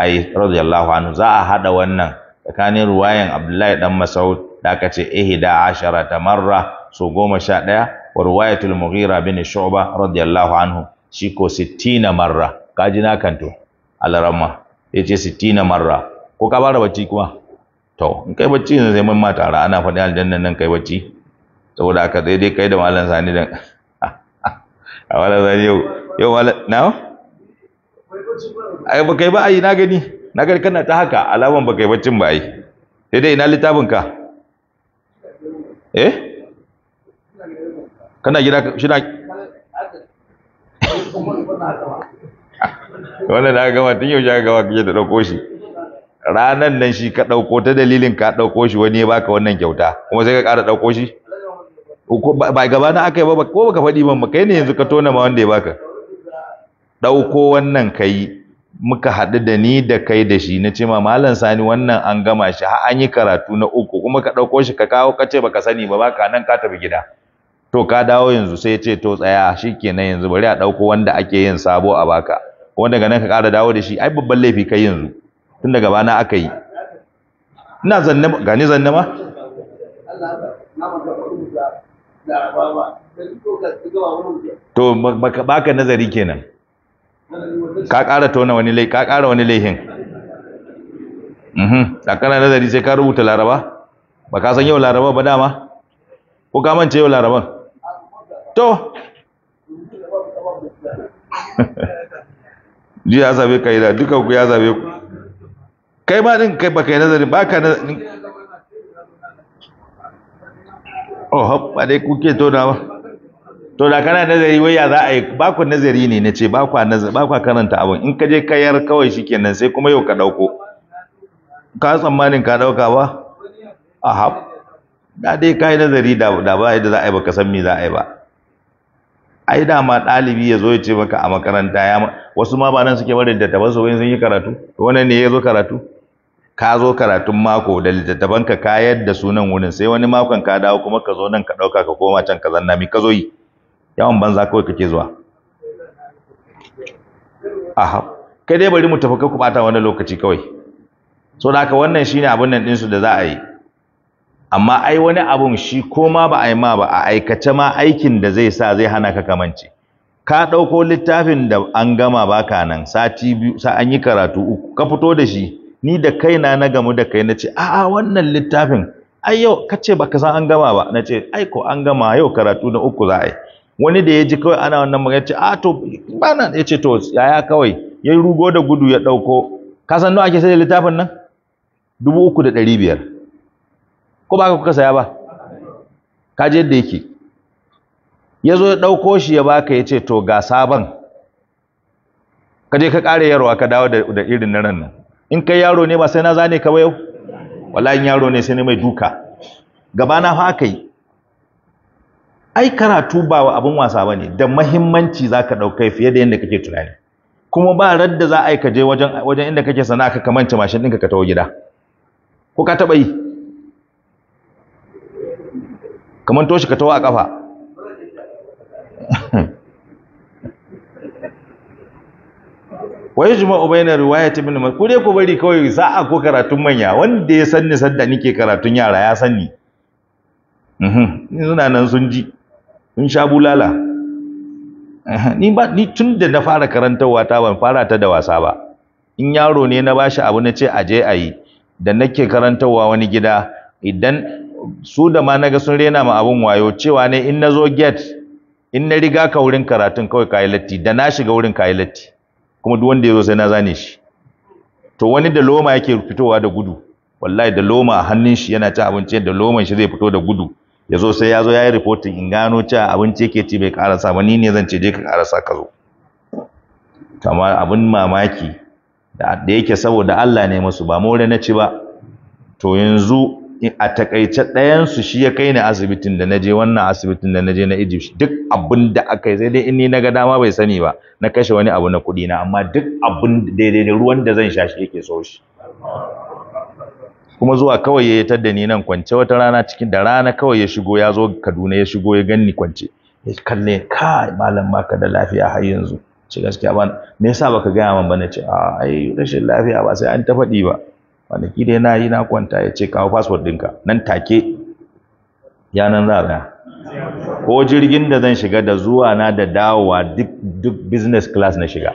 ay radiyallahu anhu za a hada wannan tsakanin riwayan Abdullahi dan Mas'ud da aka ce ihda asharata marra su goma sha ɗaya wa riwayatul Mughira bin Shu'ba radiyallahu anhu shi ko sittina marra kaji na kanto alarama ya ce sittina marra ko ka fara bacci kuma to in kai bacci yanzu sai mun mata tara ana faɗi aljanna nan kai bacci saboda haka sai dai kai da malam sani da a *laughs* malam sani yau yau malam na ai ba kai ba ai na gani na gani kana ta haka alaman ba kai baccin ba ai sai dai ina littafin ka eh kana gida shi na. *laughs* wannan da aka gama tun yau aka gama kake ta dauko shi ranan nan shi ka ɗauko ta dalilin ka ɗauko shi wani ya baka wannan kyauta kuma sai ka ƙara ɗauko shi ba gaba na aka yi ba ko baka faɗi ba kai ne yanzu ka tona ma wanda ya baka ɗauko wannan kai muka haɗu da ni da kai da shi na ce ma malam sani wannan an gama shi har an yi karatu na uku kuma ka ɗauko shi ka kawo ka ce baka sani ba baka nan ka tafi gida to ka dawo yanzu sai ya ce to tsaya shikenan yanzu bari a dauko wanda ake yin sabo a baka wanda daga nan ka ƙara dawo da shi ai babban laifi kai yanzu tun daga bana aka yi ina zanne gani zanne ma to baka nazari kenan ka ƙara tona wani laifi ka ƙara wani laifin. mhm da kana nazari sai ka rubuta laraba ba ka san yau laraba ba dama ko ka mance yau laraban to *laughs* ji ya zabe kai da duka ku ya zabe ku kai ma din kai baka nazari baka nazari oh hop dai ku to da ba to da kana nazari wai ya za a yi ba ku nazari ne na ce ba ku nazari ba ku karanta abin in ka je kayar kawai shikenan sai kuma yau ka dauko ka tsammanin ka dauka ba a hap da dai kai nazari da ba da za a yi ba ka san me za a yi ba ai ma ɗalibi ya zo ya ce maka a makaranta ya wasu ma ba nan suke da littattafan su sun yi karatu wannan ne ya zo karatu ka zo karatun mako da littattafan ka ka yadda sunan wurin sai wani makon ka dawo kuma ka zo nan ka ɗauka ka koma can ka zanna mi ka zo yi yawan banza kawai kake zuwa aha kai dai bari mu tafi ka ku ɓata wani lokaci kawai so da haka wannan shine abin nan ɗinsu da za a yi amma ai wani abun shi ko ma ba a yi ma ba a aikace ma aikin da zai sa zai hana ka kamance ka ɗauko littafin da an gama baka nan sati biyu sa an yi karatu uku ka fito da shi ni da kaina na gamu da kai na ce a'a wannan littafin ai yau ka ce baka san an gama ba na ce ai ko an gama yau karatu na uku za a yi wani da ya ji kawai ana wannan magana ce a to ba nan ya ce to yaya kawai ya rugo da gudu ya ɗauko ka san nawa ake sai da littafin nan dubu uku da ɗari biyar ko ba ka kuka saya ba ka je yadda yake ya zo ya ɗauko shi ya baka ya ce to ga sabon ka je ka ƙare yarwa ka dawo da irin na nan in kai yaro ne ba sai na zane ka ba yau wallahi yaro ne sai ne mai duka gaba na fa aka yi ai karatu ba wa abin wasa bane da muhimmanci zaka dauka fiye da yanda kake tunani kuma ba radda za a yi ka je wajen wajen inda kake sana'a ka kamance mashin ɗinka ka tawo gida ko ka taba yi kamar toshi ka tawo a kafa wai juma ubaina riwaya ta ibn ku dai ku bari kawai sa'a ko karatun manya wanda ya sanni sanda nike karatun yara ya sanni ni suna nan sun ji sun sha bulala ni ba ni tun da na fara karantarwa ta ban fara ta da wasa ba in yaro ne na bashi abu na ce aje ayi da nake karantarwa wani gida idan su da ma naga sun rena ma abun wayo cewa ne in nazo get in na riga ka wurin karatun kawai kayi latti da na shiga wurin kayi latti kuma duk wanda yazo sai na zane shi to wani da loma yake fitowa da gudu wallahi da loma a hannun shi yana ci abinci da loman shi zai fito da gudu yazo sai yazo zo ya yi reporting in gano cewa abinci yake ci bai karasa ba ni ne zan ce je ka karasa ka zo Kamar abin mamaki da yake saboda Allah ne musu ba more na ci ba to yanzu a takaice su shi ya kai ni asibitin da naje wannan asibitin da naje na Egypt duk abin da aka yi sai dai in ni na ga dama bai sani ba na kashe wani abu na kuɗi na amma duk abin daidai da ruwan da zan sha shi yake so shi kuma zuwa kawai ya yatar da ni nan kwance wata rana cikin da rana kawai ya shigo ya zo Kaduna ya shigo ya ganni kwance ya kalle kai malam baka da lafiya har yanzu ce gaskiya ba me yasa baka gaya min ba na ce a ah, ai rashin lafiya ba sai an ta faɗi ba kwanaki dai na yi na kwanta ya ce kawo fasfot ɗinka nan take yanan za a ko jirgin da zan shiga da zuwa na da dawowa duk business class na shiga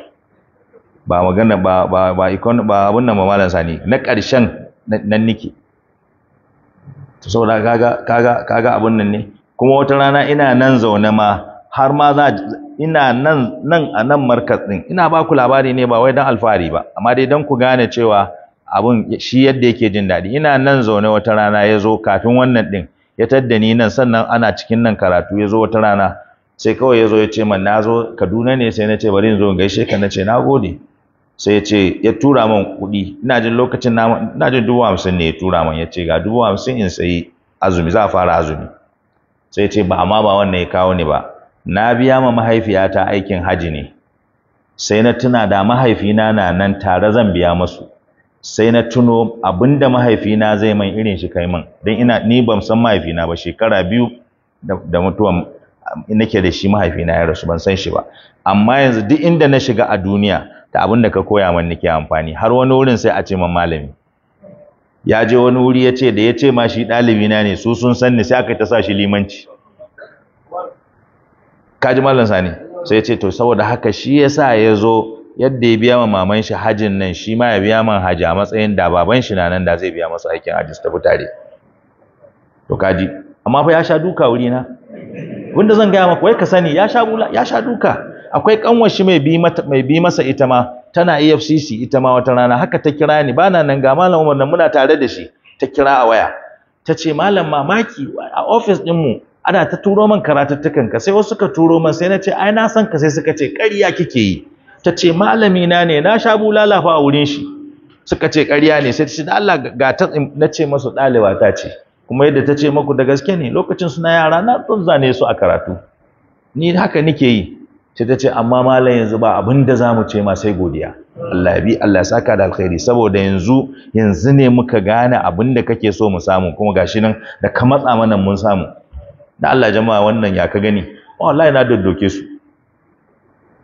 ba magana ba ba ba ikon ba abun nan mamalan sani na ƙarshen nan niki to saboda kaga kaga kaga abun nan ne kuma wata rana ina nan zaune ma har ma za ina nan nan a nan markas din ina ba ku labari ne ba wai dan alfahari ba amma dai dan ku gane cewa abun shi yadda yake jin daɗi ina nan zaune wata rana ya zo kafin wannan ɗin ya tadda ni nan sannan ana cikin nan karatu ya zo wata rana sai kawai ya zo ya ce man na zo kaduna ne sai na ce bari in zo gaishe ka na ce na gode sai ya ce ya tura min kuɗi ina jin lokacin na ina jin dubu hamsin ne ya tura min ya ce ga dubu hamsin in sayi azumi za a fara azumi sai ya ce ba amma ba wannan ya kawo ni ba na biya ma mahaifiyata aikin haji ne sai na tuna da mahaifina na nan tare zan biya masu sai na tuno abinda mahaifina zai man irin shi kai man don ina ni ban san mahaifina ba shekara biyu da mutuwan nake da shi mahaifina ya rasu ban san shi ba amma yanzu duk inda na shiga a duniya da abinda ka koya man nake amfani har wani wurin sai a ce man malami ya je wani wuri ya ce da ya ce ma shi ɗalibina ne su sun san ni sai aka ta sa shi limanci kaji malam sani sai ya ce to saboda haka shi yasa ya zo yadda ya biya ma maman shi hajin nan shi ma ya biya man haji a matsayin da baban shi na nan da zai biya masa aikin hajji su tafi tare to kaji amma fa ya sha duka wuri na wanda zan gaya maka wai ka sani ya sha bula ya sha duka akwai kanwar shi mai bi mata mai bi masa ita ma tana EFCC ita ma wata rana haka ta kira ni bana nan ga malam Umar nan muna tare da shi ta kira a waya ta ce malam mamaki a office din mu ana ta turo man karatuttukan ka sai wasu suka turo man sai na ce ai na san ka sai suka ce ƙarya kike yi ta ce malami na ne na sha bulala fa a wurin shi suka ce ƙarya ne sai ta ce Allah ga ta na ce masu ɗaliba ta ce kuma yadda ta ce maku da gaske ne lokacin suna yara na don zane su a karatu ni haka nike yi sai ta ce amma malam yanzu ba abin da za mu ce ma sai godiya Allah bi Allah saka da alkhairi saboda yanzu yanzu ne muka gane abin da kake so mu samu kuma gashi nan da ka matsa mana mun samu da Allah jama'a wannan ya ka gani wallahi na daddoke su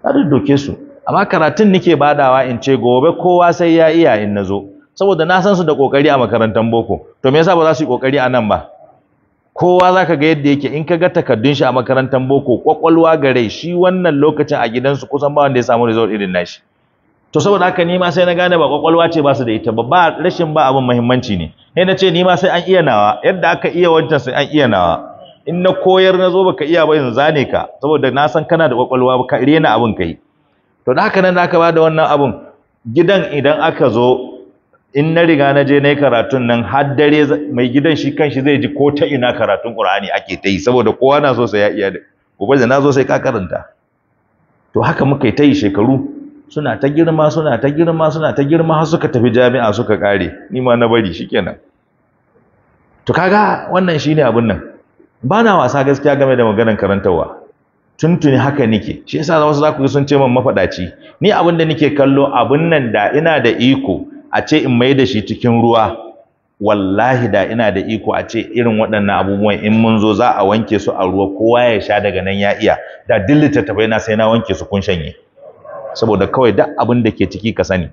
na daddoke su amma karatun nake badawa in ce gobe kowa sai ya iya in nazo saboda na san su da kokari a makarantan boko to me yasa ba za su yi kokari a nan ba kowa zaka ga yadda yake in ka ga takaddun shi a makarantan boko kwakwalwa gare shi wannan lokacin a gidansu kusan ba wanda ya samu result irin nashi to saboda haka ni ma sai na gane ba kwakwalwa ce ba su da ita ba ba rashin ba abin muhimmanci ne sai na ce ni ma sai an iya nawa yadda aka iya wancan sai an iya nawa in na koyar na zo baka iya ba yanzu zane ka saboda na san kana da kwakwalwa ka rena abin kai to da haka nan da aka ba da wannan abun gidan idan aka zo in na riga na je na yi karatun nan har dare mai gidan shi kan kanshi zai ji ko ta ina karatun ƙur'ani ake ta yi saboda kowa na so sai ya iya gobe da na zo sai ka karanta to haka muka yi ta yi shekaru suna ta girma suna ta girma suna ta girma har suka tafi jami'a suka kare ni ma na bari shikenan to kaga wannan shine abin nan ba na wasa gaskiya game da maganar karantarwa tuntuni haka nike. shi yasa wasu za ku sun ce man mafaɗaci ni abin da nike kallo abin nan da ina da iko a ce in mai da shi cikin ruwa wallahi da ina da iko a ce irin waɗannan abubuwan in mun zo za a wanke su a ruwa kowa ya sha daga nan ya iya da dillita ta na sai na wanke su kun shanye saboda kawai duk abin da ke ciki ka sani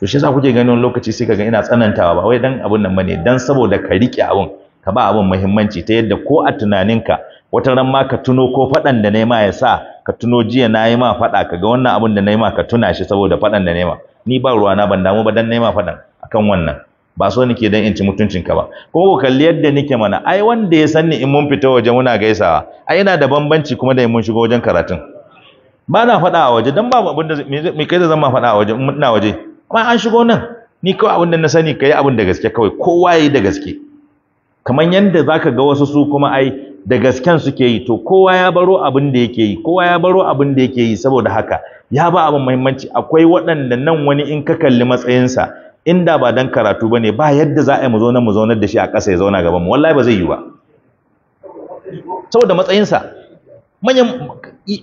to shi yasa kuke ganin lokaci sai kaga ina tsanantawa ba wai dan abun nan bane dan saboda ka rike abun ka ba abun muhimmanci ta yadda ko a tunaninka wata ran ma ka tuno ko faɗan da nema ya sa ka tuno jiya na yi ma faɗa ka ga wannan abin da nema ma ka tuna shi saboda faɗan da nema ni ba ruwa na ban damu ba dan nema faɗan akan wannan ba so nake dan in ci mutuncin ka ba kuma ku kalli yadda nake mana ai wanda ya sanni in mun fita waje muna gaisawa ai yana da bambanci kuma da mun shigo wajen karatun ba na faɗa a waje dan ba abin da me kai da zan ma faɗa a waje ina waje amma an shigo nan ni kawai abin da na sani kai abin da gaske kawai kowa yayi da gaske kamar yanda zaka ga wasu su kuma ai da gasken suke yi to kowa ya baro abin da yake yi kowa ya baro abin da yake yi saboda haka ya ba abin muhimmanci akwai waɗanda nan wani in ka kalli matsayinsa inda ba dan karatu bane ba yadda za a yi mu zo mu zaunar da shi a ƙasa ya zauna gaban mu wallahi ba zai yi ba saboda matsayinsa manyan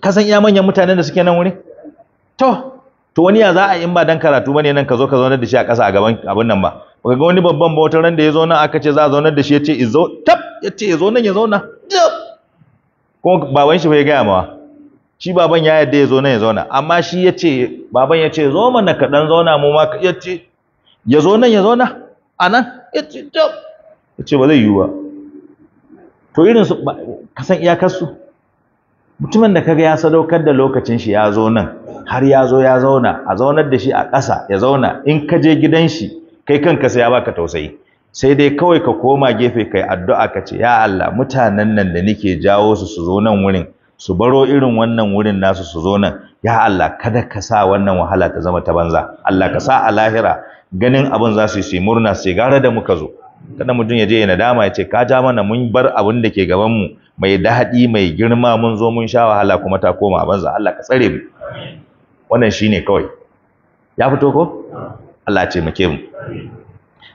ka san iya manyan mutanen da suke nan wuri to to wani ya za a yi in ba dan karatu bane nan ka zo ka zaunar da shi a ƙasa a gaban abin nan ba baka ga wani babban ba wata ran da ya zo nan aka ce za a zaunar da shi ya ce izo tab ya ce ya zo nan ya zauna kuma baban shi bai gaya mawa shi baban ya yadda ya zo nan ya zauna amma shi ya ce baban ya ce zo mana ka dan zauna mu ma ya ce ya zo nan ya zauna a nan ya ce ya ce ba zai yiwu ba to irin su ka san iyakarsu mutumin da kaga ya sadaukar da lokacin shi ya zo nan har ya zo ya zauna a zaunar da shi a ƙasa ya zauna in ka je gidan shi kai kanka sai ya baka tausayi sai dai kawai ka koma gefe kai addu'a ka ce ya Allah mutanen nan da nake jawo su su zo nan wurin su baro irin wannan wurin nasu su zo nan ya Allah kada ka sa wannan wahala ta zama ta banza Allah ka sa a ganin abin za su yi murna sai gara da muka zo kada mutum ya je ya nadama ya ce ka ja mana mun bar abin da ke gaban mu mai daɗi mai girma mun zo mun sha wahala kuma ta koma banza Allah ka tsare mu wannan shine kawai ya fito ko Allah ya ce mu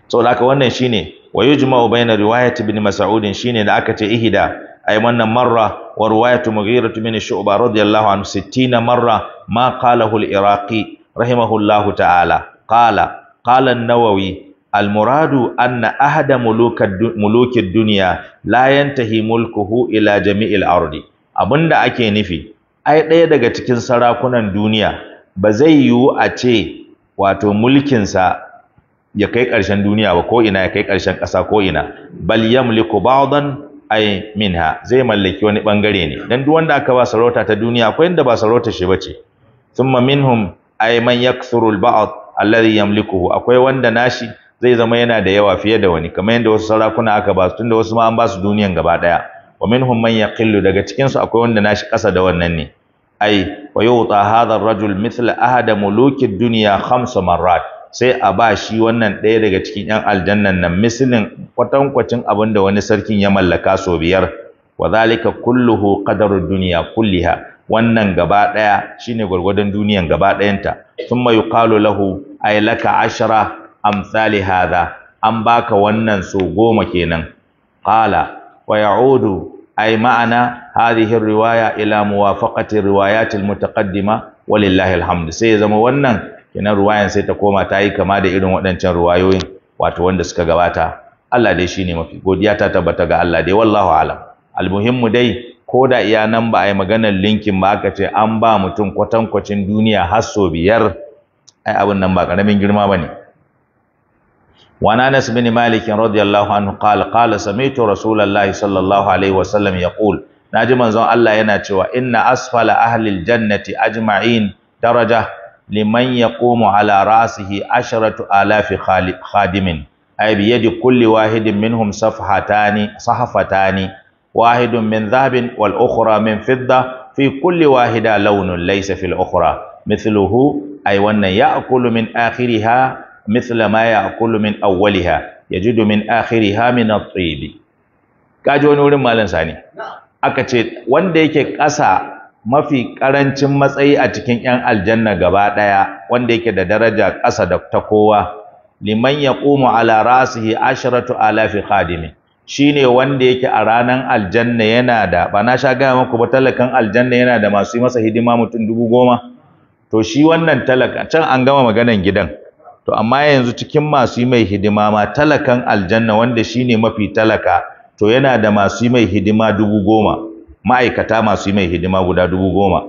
saboda haka wannan shine wa baina bayna bin ibn mas'ud shine da aka ce ihda ay wannan marra wa riwayat mughirah bin shu'ba radiyallahu anhu na marra ma qalahu al-iraqi rahimahullahu ta'ala qala qala an-nawawi المراد أن أحد ملوك ملوك الدنيا لا ينتهي ila إلى جميع Abun da ake nufi ai ɗaya daga cikin sarakunan duniya ba zai yiwu a ce wato mulkinsa ya kai ƙarshen duniya ba ko ina ya kai ƙarshen ƙasa ko ina bal yamliku ba'dan ay minha zai mallaki wani bangare ne dan duk wanda aka ba sarauta ta duniya akwai inda ba sarauta shi bace thumma minhum ay man yakthuru al-ba'd alladhi yamlikuhu akwai wanda nashi zai zama yana da yawa fiye da wani kamar yadda wasu sarakuna aka ba su tunda wasu ma an ba su duniyan gaba daya wa minhum man yaqillu daga cikin su akwai wanda nashi kasa da wannan ne ay wa yuta hadha ar-rajul mithla ahada muluki ad-dunya khams marrat sai a ba shi wannan ɗaya daga cikin ‘yan aljannan nan misilin kwatankwacin abin da wani sarkin ya mallaka sau biyar wa zalika kulluhu qadarud duniya kulliha wannan gaba ɗaya shine gwargwadon duniyan gaba ɗayanta thumma yuqalu lahu ay laka ashara amsali hadha an baka wannan so goma kenan qala wa ya'udu ay ma'ana hadhihi riwaya ila muwafaqati riwayatil mutaqaddima walillahi alhamd sai ya zama wannan kenan ruwayan sai ta koma ta yi kama da irin waɗancan ruwayoyin wato wanda suka gabata Allah dai shine mafi godiya ta tabbata ga Allah dai wallahu alam almuhimmu dai ko da iya nan ba a yi maganar linkin ba aka ce an ba mutum kwatankwacin duniya har so biyar ai abin nan ba karamin girma ba ne وعن انس بن مالك رضي الله عنه قال قال سمعت رسول الله صلى الله عليه وسلم يقول ناجي الله yana cewa inna asfala ahli aljannati ajma'in daraja liman yaqumu ala ra'sihi asharatu alafi khadimin ay bi yadi kulli wahidin minhum safhatani sahafatani wahidun min dhahabin wal ukhra min fidda fi kulli wahida launun laysa fil ukhra mithluhu ay wannan ya'kulu min akhiriha mithla ma ya'kulu min awwaliha yajidu min akhiriha min at-tib kaji wani wurin malan sani aka ce wanda yake ƙasa mafi ƙarancin matsayi a cikin 'yan aljanna gaba ɗaya wanda yake da daraja ƙasa da ta kowa liman ya ƙumu ala rasihi asharatu alafi khadimi shine wanda yake a ranan aljanna yana da ba na sha gaya muku ba talakan aljanna yana da masu yi masa hidima mutum dubu goma to shi wannan talaka can an gama maganan gidan to amma yanzu cikin masu yi mai hidima ma talakan aljanna wanda shine mafi talaka to yana da masu yi mai hidima dubu goma ma'aikata masu yi mai hidima guda dubu goma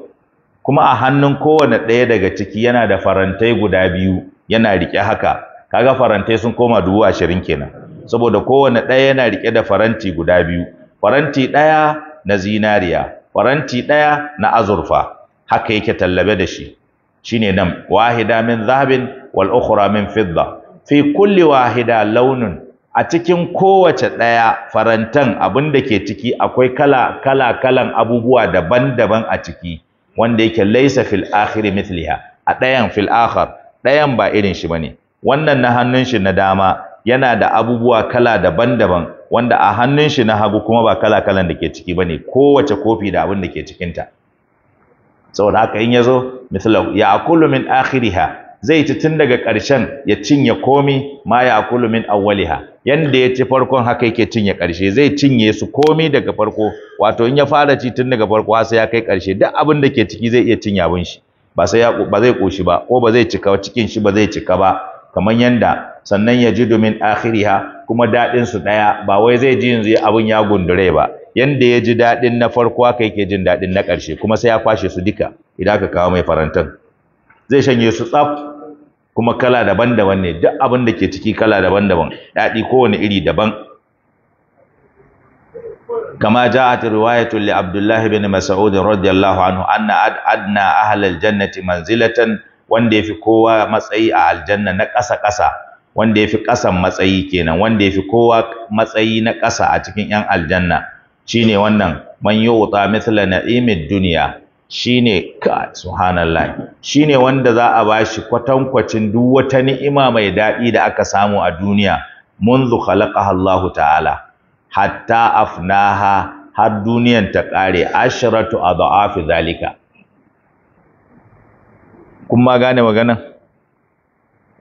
kuma a hannun kowane ɗaya daga ciki yana da farantai guda biyu yana riƙe haka kaga farantai sun koma dubu ashirin kenan saboda kowane ɗaya yana riƙe da faranti guda biyu faranti ɗaya na zinariya faranti ɗaya na azurfa haka yake tallabe da shi shine nan wahida min zahabin wal ukhra min fidda fi kulli wahida launun a cikin kowace ɗaya farantan abin da ke ciki akwai kala kala kalan abubuwa daban-daban a ciki wanda yake laisa fil akhiri mithliha a ɗayan fil akhar ɗayan ba irin shi bane wannan na hannun shi na dama yana da abubuwa kala daban-daban wanda a hannun shi na hagu kuma ba kala kalan da ke ciki bane kowace kofi da abin da ke cikin ta saboda haka in yazo mithla ya akulu min akhiriha zai ci tun daga ƙarshen ya cinye komi ma ya akulu min awwaliha yanda ya ci farkon haka yake cinye ƙarshe zai cinye su komai daga farko wato in ya fara ci tun daga farko har sai ya kai ƙarshe duk abin da ke ciki zai iya cinye abin shi ba sai ya ba zai koshi ba ko ba zai cika cikin shi ba zai cika ba kamar yanda sannan ya ji domin akhiriha kuma daɗin su ɗaya ba wai zai ji yanzu abin ya gundure ba yanda ya ji daɗin na farko haka yake jin daɗin na ƙarshe kuma sai ya kwashe su duka idan aka kawo mai farantan zai shanye su tsaf kuma kala daban-daban ne duk abin da ke ciki kala daban-daban daɗi kowane iri daban kama ja'at riwayatun li abdullahi bin masaudin radiyallahu anhu anna adna ahlal jannati manzilatan wanda ya fi kowa matsayi a aljanna na ƙasa-ƙasa wanda ya fi ƙasan matsayi kenan wanda ya fi kowa matsayi na ƙasa a cikin 'yan aljanna shine wannan man yu'ta mithla na'imid duniya". shine ka Shi shine wanda za a bashi kwatankwacin duk wata ni'ima mai daɗi da aka samu a duniya منذ خلقها الله تعالى حتى ha har duniyan ta ƙare asharatu adha'afi zalika kun gane magana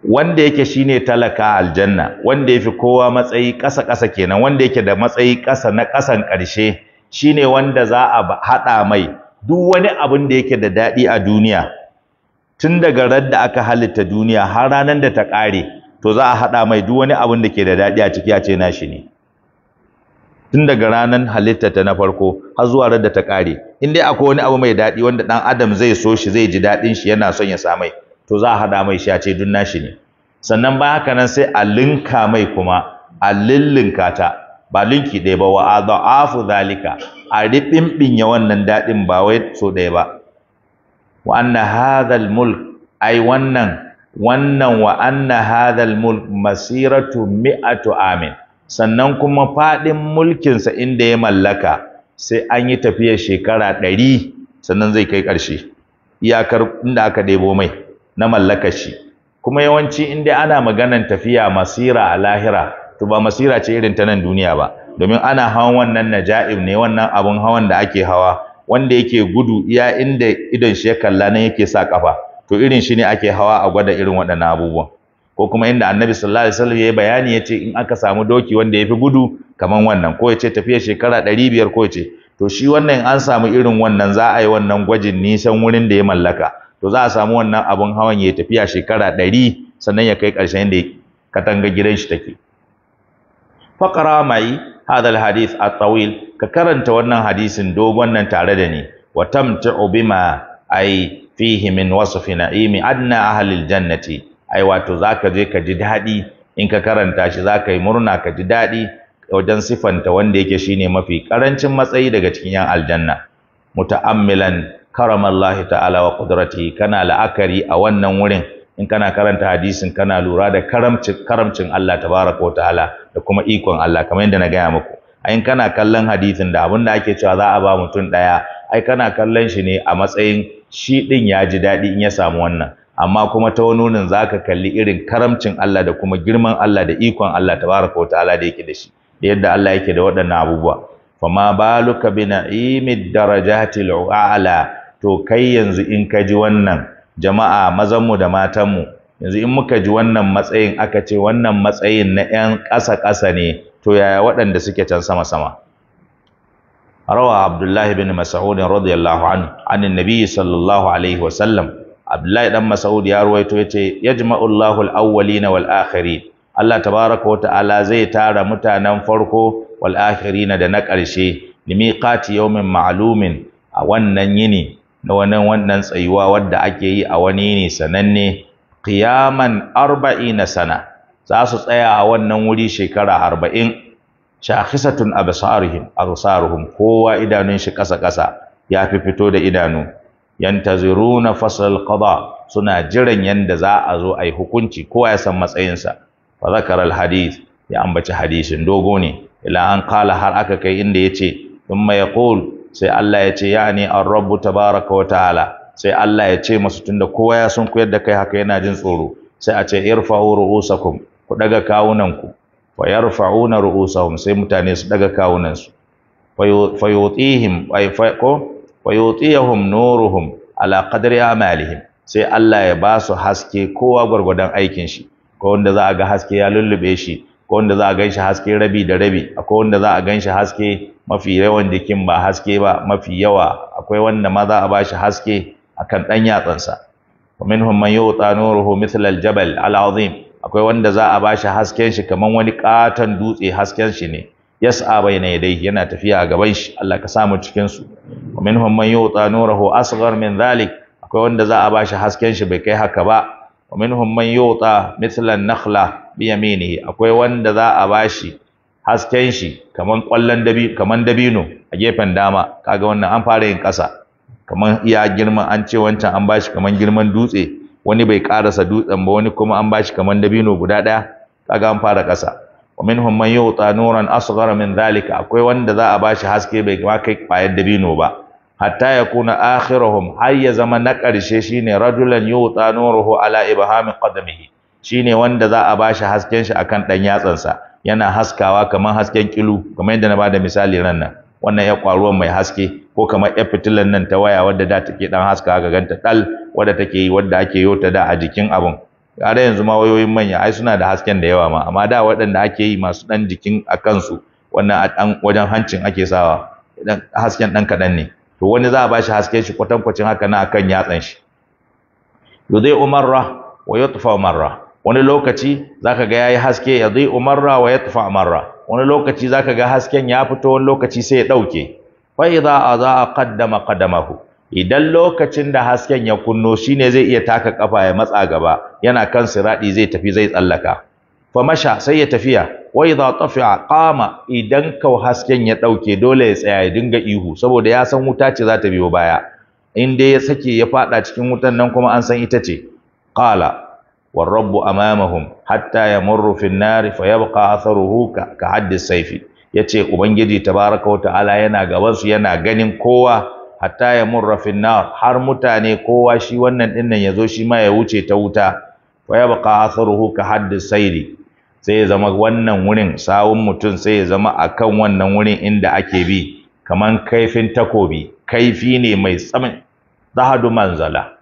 wanda yake shine talaka aljanna wanda yafi kowa matsayi ƙasa ƙasa kenan wanda yake da matsayi ƙasa na ƙasan ƙarshe shine wanda za a haɗa mai duk wani abin da yake da daɗi a duniya tun daga ran da aka halitta duniya har ranar da ta ƙare to za a haɗa mai duk wani abin da ke da daɗi a ciki a ce nashi ne tun daga ranar halitta ta na farko har zuwa ran da ta kare in dai akwai wani abu mai daɗi wanda ɗan adam zai so shi zai ji daɗin shi yana son ya samai to za a haɗa mai shi a ce duk nashi ne sannan ba haka nan sai a linka mai kuma a lillinka ta ba linki ɗaya ba wa adha'afu zalika a riɓinɓinya wannan daɗin ba wai so ɗaya ba wa anna hadhal mulk ai wannan wannan wa anna hadhal mulk masiratu mi'atu amin sannan kuma faɗin mulkinsa inda ya mallaka sai an yi tafiyar shekara ɗari sannan zai kai ƙarshe iyakar inda aka ɗebo mai na mallaka shi kuma yawanci inda ana maganan tafiya masira a lahira to ba masira ce irin ta nan duniya ba domin ana hawan wannan naja'ib ne wannan abun hawan da ake hawa wanda yake gudu iya inda idon shi ya kalla nan yake sa kafa to irin shi ne ake hawa a gwada irin waɗannan abubuwan ko kuma inda annabi sallallahu alaihi wasallam ya bayani ya ce in aka samu doki wanda ya fi gudu kaman wannan ko ya tafiya shekara ɗari biyar ko ya to shi wannan an samu irin wannan za a yi wannan gwajin nisan wurin da ya mallaka to za a samu wannan abun hawan ya tafiya shekara ɗari sannan ya kai ƙarshen da katanga gidan shi take faƙara mai hadal hadis a tsawil, ka karanta wannan hadisin dogon nan tare da ni wa tamta'u bima ai fihi min wasfi na'imi adna ahli jannati, ai wato zaka je ka ji daɗi, in ka karanta shi zaka yi murna ka ji daɗi. wajen sifanta wanda yake shine mafi karancin matsayi daga cikin yan aljanna muta'ammilan karamallahi ta'ala wa qudratihi kana la'akari a wannan wurin in kana karanta hadisin kana lura da karamcin Allah tabaraka wa ta'ala da kuma ikon Allah kamar yadda na gaya muku in kana kallon hadisin da abin da ake cewa za a ba mutum ɗaya ai kana kallon shi ne a matsayin shi ɗin ya ji daɗi in ya samu wannan amma kuma ta wani nunin za ka kalli irin karamcin Allah da kuma girman Allah da ikon Allah tabaraka wa ta'ala da yake da shi da yadda Allah yake da waɗannan abubuwa fama baluka bina na'imid darajatil ala to kai yanzu in ka ji wannan jama'a mazanmu da matanmu yanzu in muka ji wannan matsayin aka ce wannan matsayin na 'yan ƙasa-ƙasa ne to yaya waɗanda suke can sama-sama rawa abdullahi bin mas'ud radiyallahu anhu anin nabiyyi sallallahu alaihi wa sallam abdullahi dan mas'ud ya ruwaito yace yajma'u Allahu al-awwalina wal akhirin Allah tabaraka wa ta'ala zai tara mutanen farko wal akhirina da na ƙarshe limiqati yawmin ma'lumin a wannan yini na wannan wannan tsayuwa wadda ake yi a wani ne sananne qiyaman arba'ina sana za su tsaya a wannan wuri shekara arba'in shakhisatun absaruhum absaruhum kowa idanun shi kasa kasa ya fi fito da idanu yantaziruna fasal qada suna jiran yanda za a zo ai hukunci kowa ya san matsayinsa fa zakara al ya ambaci hadisin dogo ne ila an qala har aka kai inda yace thumma yaqul sai Allah ya ce yani ar-rabbu tabaaraka wa ta'ala sai Allah ya ce masu tunda kowa ya san ku yadda kai haka yana jin tsoro sai a ce irfa'u ru'usakum ku daga kawunanku wa yarfa'una ru'usahum sai mutane su daga kawunansu fa yutihim ko fa yutihum nuruhum ala qadri amalihim sai Allah ya ba su haske kowa gwargwadon aikin shi ko wanda za a ga haske ya lullube shi ko wanda za a ganshi haske rabi da rabi akwai wanda za a ganshi haske mafi yawan jikin ba haske ba mafi yawa akwai wanda ma za a bashi haske akan dan yatsansa wa minhum man yuta nuruhu mithla al-jabal al-azim akwai wanda za a bashi hasken shi kaman wani katon dutse hasken shi ne yas'a bayna yadayhi yana tafiya a gaban shi Allah ka samu cikin su wa minhum man yuta nuruhu asghar min dhalik akwai wanda za a bashi hasken shi bai kai haka ba wa minhum man yuta mithla an-nakhla bi yaminihi akwai wanda za a bashi hasken shi kaman kwallon dabi kaman dabino a gefen dama kaga wannan an fara yin kasa. kaman iya girman an ce wancan an bashi kaman girman dutse wani bai karasa dutsen ba wani kuma an bashi kaman dabino guda ɗaya kaga an fara kasa. wa minhum man yu'ta nuran asghara min zalika, akwai wanda za a bashi haske bai ma kai ƙwayar dabino ba hatta yakuna akhiruhum har ya zama na karshe shine rajulan yuta nuruhu ala ibhami qadamihi shine wanda za a bashi hasken shi akan dan yatsansa yana haskawa kamar hasken kilu kamar yadda na bada misali ran nan wannan ya kwaruwa mai haske ko kamar ya fitilan nan ta waya wadda da take dan haskawa ga ganta dal wadda take yi wadda ake yo ta da a jikin abun har yanzu ma wayoyin manya ai suna da hasken da yawa ma amma da waɗanda ake yi masu dan jikin a kansu wannan a dan wajen hancin ake sawa dan hasken dan kadan ne to wani za a bashi hasken shi kwatankwacin haka na akan yatsan shi yudai umarra wa yutfa umarra wani lokaci zaka ga yayi haske ya zai umarra wa yatfa marra wani lokaci zaka ga hasken ya fito wani lokaci sai ya dauke fa idza azaa qaddama qadamahu idan lokacin da hasken ya kunno ne zai iya taka kafa ya matsa gaba yana kan siradi zai tafi zai tsallaka fa masha sai ya tafiya wa idza tafi'a qama idan kau hasken ya ɗauke, dole ya tsaya ya dinga ihu saboda ya san wuta ce za ta biyo baya in dai ya sake ya faɗa cikin wutan nan kuma an san ita ce qala والرب أمامهم حتى يمر في النار فيبقى أثره كعد السيف yace ubangiji tabaraka wa ta'ala yana gaban su yana ganin kowa hatta ya murra fi har mutane kowa shi wannan dinnan yazo shi ma ya wuce ta wuta fa yabqa atharuhu ka haddis sayri sai ya zama wannan wurin sawun mutum sai ya zama akan wannan wurin inda ake bi Kamar kaifin takobi kaifi ne mai tsamin zahadu manzala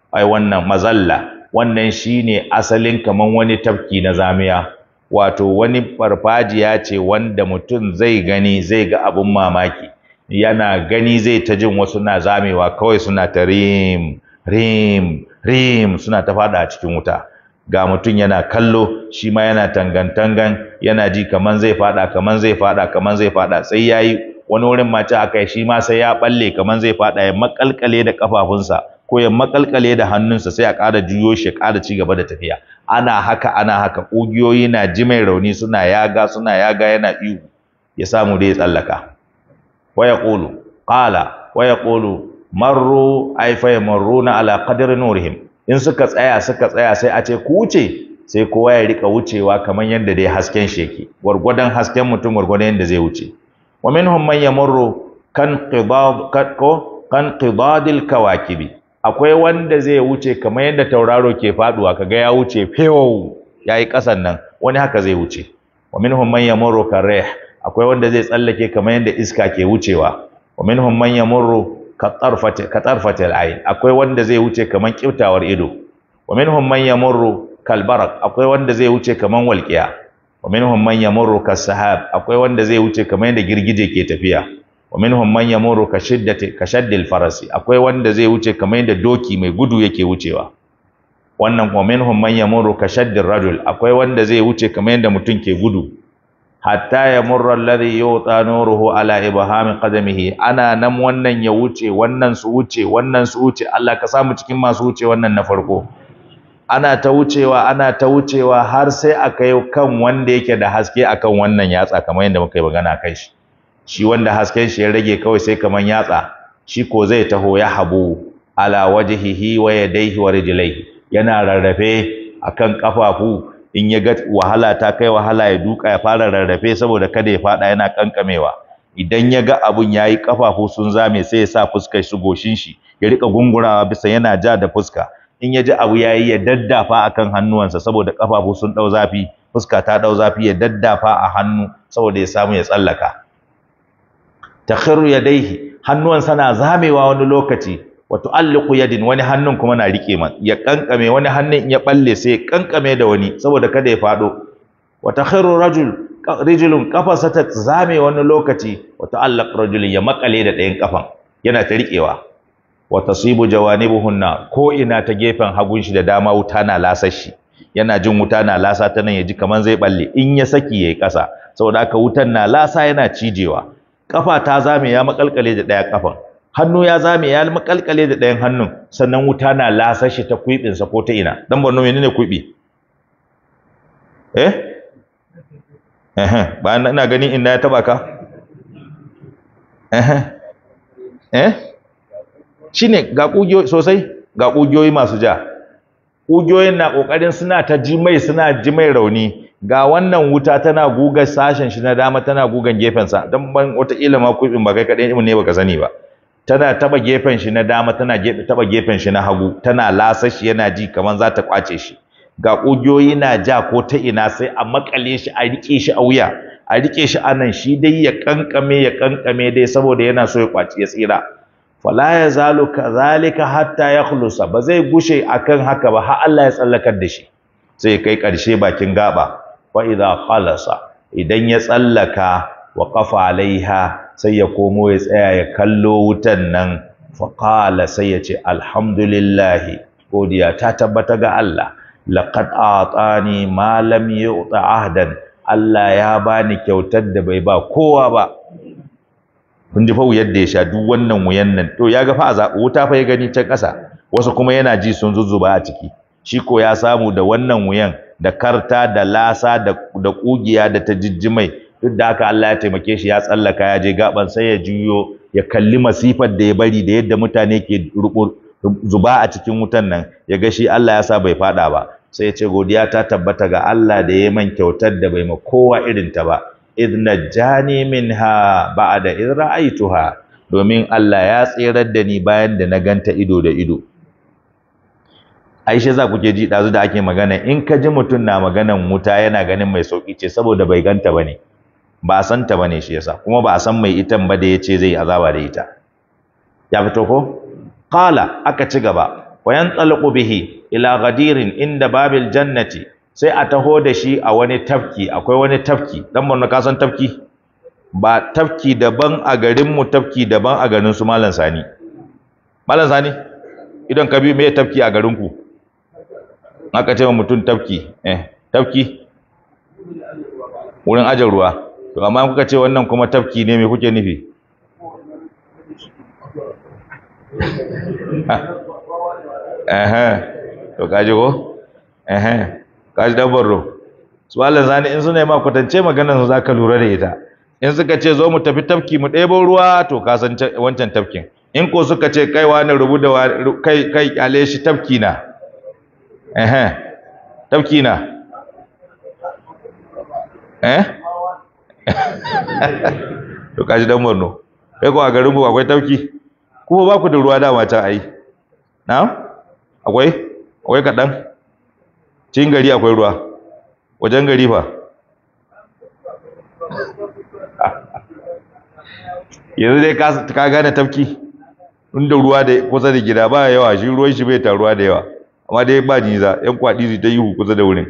wannan shi ne asalin kaman wani tafki na zamiya wato wani farfajiya ce wanda mutum zai gani zai ga abin mamaki yana gani zai ta jin wasu na zamewa kawai suna ta rim rim rim suna ta fada a cikin wuta ga mutum yana kallo shi ma yana tangantangan yana ji kaman zai fada kaman zai fada kaman zai fada sai yayi wani wurin mace akai shi ma sai ya balle kaman zai fada ya makalkale da kafafunsa ko ya makalkale da hannunsa sai a ƙara juyo shi ƙara ci gaba da tafiya ana haka ana haka ƙugiyoyi na ji mai rauni suna yaga suna yaga yana ihu ya samu dai tsallaka wa yaqulu qala wa yaqulu marru ay fa yamruna ala qadri nurihim in suka tsaya suka tsaya sai a ce ku wuce sai kowa ya rika wucewa kamar yadda dai hasken shi yake gwargwadon hasken mutum gwargwadon yadda zai wuce wa minhum man yamru kan qibad kan qibadil kawakibi akwai wanda zai wuce kamar yadda tauraro ke faduwa kaga ya wuce fewo yayi kasan nan wani haka zai wuce wa minhum man yamuru karih akwai wanda zai tsallake kamar yadda iska ke wucewa wa minhum man yamurru katarfati katarfati al akwai wanda zai wuce kamar kiftawar ido wa minhum man yamurru kalbarak akwai wanda zai wuce kamar walqiya wa minhum man yamurru kasahab akwai wanda zai wuce kamar yadda girgije ke tafiya wa minhum man yamuru ka shiddati ka shaddil farasi akwai wanda zai wuce kamar yadda doki mai gudu yake wucewa wannan wa minhum man yamuru ka shaddir rajul akwai wanda zai wuce kamar yadda mutum ke gudu hatta yamurra alladhi yuta nuruhu ala ibhami qadamihi ana nan wannan ya wuce wannan su wuce wannan su wuce Allah ka samu cikin masu wuce wannan na farko ana ta wucewa ana ta wucewa har sai aka yi kan wanda yake da haske akan wannan yatsa kamar yadda muka yi magana kai shi shi wanda hasken shi ya rage kawai sai kaman yatsa shi ko zai taho ya habu ala wajhihi wa yadayhi wa rijlaihi yana rarrafe akan kafafu in ya ga wahala ta kai wahala ya duka ya fara rarrafe saboda kada ya fada yana kankamewa idan ya ga abun yayi kafafu sun zame sai ya sa fuskar shi goshin shi ya rika gungurawa bisa yana ja da fuska in ya ji abu yayi ya daddafa akan hannuwansa saboda kafafu sun dau zafi fuska ta dau zafi ya daddafa a hannu saboda ya samu ya tsallaka takhiru yadaihi hannuwansa na zamewa wani lokaci wato tu'alliqu yadin wani hannun kuma na rike man ya kankame wani hannun in ya balle sai ya kankame da wani saboda kada ya fado Wata Khiru rajul rijulun kafasa ta zame wani lokaci Wata ta'allaq rajulin ya makale da ɗayan kafan yana ta riƙewa Wata sibu jawanibuhunna ko ina ta gefen hagun shi da dama wuta na lasashi shi yana jin wuta na lasa ta nan ya ji kaman zai balle in ya saki yayi ƙasa saboda haka wutan na lasa yana cijewa kafa ta zame ya makalkale da ɗaya kafan hannu ya zame ya makalkale da ɗayan hannun sannan wuta na lasar shi ta sa ko ta ina dan Borno menene kuibi eh eh ba ina ganin inda ya taba ka eh eh shine ga kugiyoyi sosai ga kugiyoyi masu ja kugiyoyin na kokarin suna ta ji mai suna ji mai rauni ga wannan wuta tana guga sashen shi na dama tana gugan gefensa don ban ila ma kuɗin ba kai kaɗai ne baka sani ba tana taba gefen shi na dama tana taba gefen shi na hagu tana lasa shi yana ji kamar za ta kwace shi ga ƙugiyoyi na ja ko ta ina sai a makale shi a rike shi a wuya a rike shi a nan shi dai ya kankame ya ƙanƙame dai saboda yana so ya kwace ya tsira fala ya zalu kazalika hatta ya khulusa ba zai gushe akan haka ba har Allah ya tsallakar da shi sai kai ƙarshe bakin gaba wa idza idan ya tsallaka wa kafa alaiha sai ya komo ya tsaya ya kallo wutan nan fa qala sai ya ce alhamdulillah godiya ta tabbata ga Allah laqad atani ma lam yu'ta ahdan Allah ya bani kyautar da bai ba kowa ba kun ji fa wuyar da ya sha duk wannan wuyan nan to ya ga fa za wuta fa ya gani can ƙasa wasu kuma yana ji sun zuzzuba a ciki shi ko ya samu da wannan wuyan da karta da lasa da kugiya da ta jijjimai duk da haka Allah ya taimake shi ya tsallaka ya je gaban sai ya juyo ya kalli masifar da ya bari da yadda mutane ke zuba a cikin wutan nan ya ga shi Allah ya sa bai fada ba sai ya ce godiya ta tabbata ga Allah da ya man kyautar da bai ma kowa irin ta ba idna jani minha ba'da idra'aituha domin Allah ya tsirar da ni bayan da na ganta ido da ido aishe za ku ke ji ɗazu da ake magana in ka ji mutum na maganan wuta yana ganin mai sauƙi ce saboda bai ganta ba ne ba a san ta ba ne shi yasa kuma ba a san mai itan ba da ya ce zai azaba da ita ya fito ko qala aka ci gaba wa yantalqu bihi ila ghadirin inda babil jannati sai a taho da shi a wani tafki akwai wani tafki dan mun ka san tafki ba tafki daban a garin tafki daban a garin su malan sani malan sani idan ka mai mai tafki a garin ku aka ce mutum tafki eh tafki wurin ajin ruwa to amma kuka ce wannan kuma tafki ne me kuke nufi to kaji ko kaji dabbar ro su malam zani in suna yi ma kwatance maganar su zaka lura da ita in suka ce zo mu tafi tafki mu ɗebo ruwa to ka san wancan tafkin in ko suka ce kai wani rubu da kai kai kyale shi tafki na ehe tafki na eh *laughs* to kaji dan Borno kai ko a garinmu akwai tafki kuma ba ku da ruwa dama ta ai na akwai akwai kadan cikin gari akwai ruwa wajen gari fa *laughs* yanzu dai ka gane tafki inda ruwa da kusa da gida ba yawa shi ruwan shi bai ta ruwa da yawa amma dai ba jiza yan kwaɗi su ta yi kusa da wurin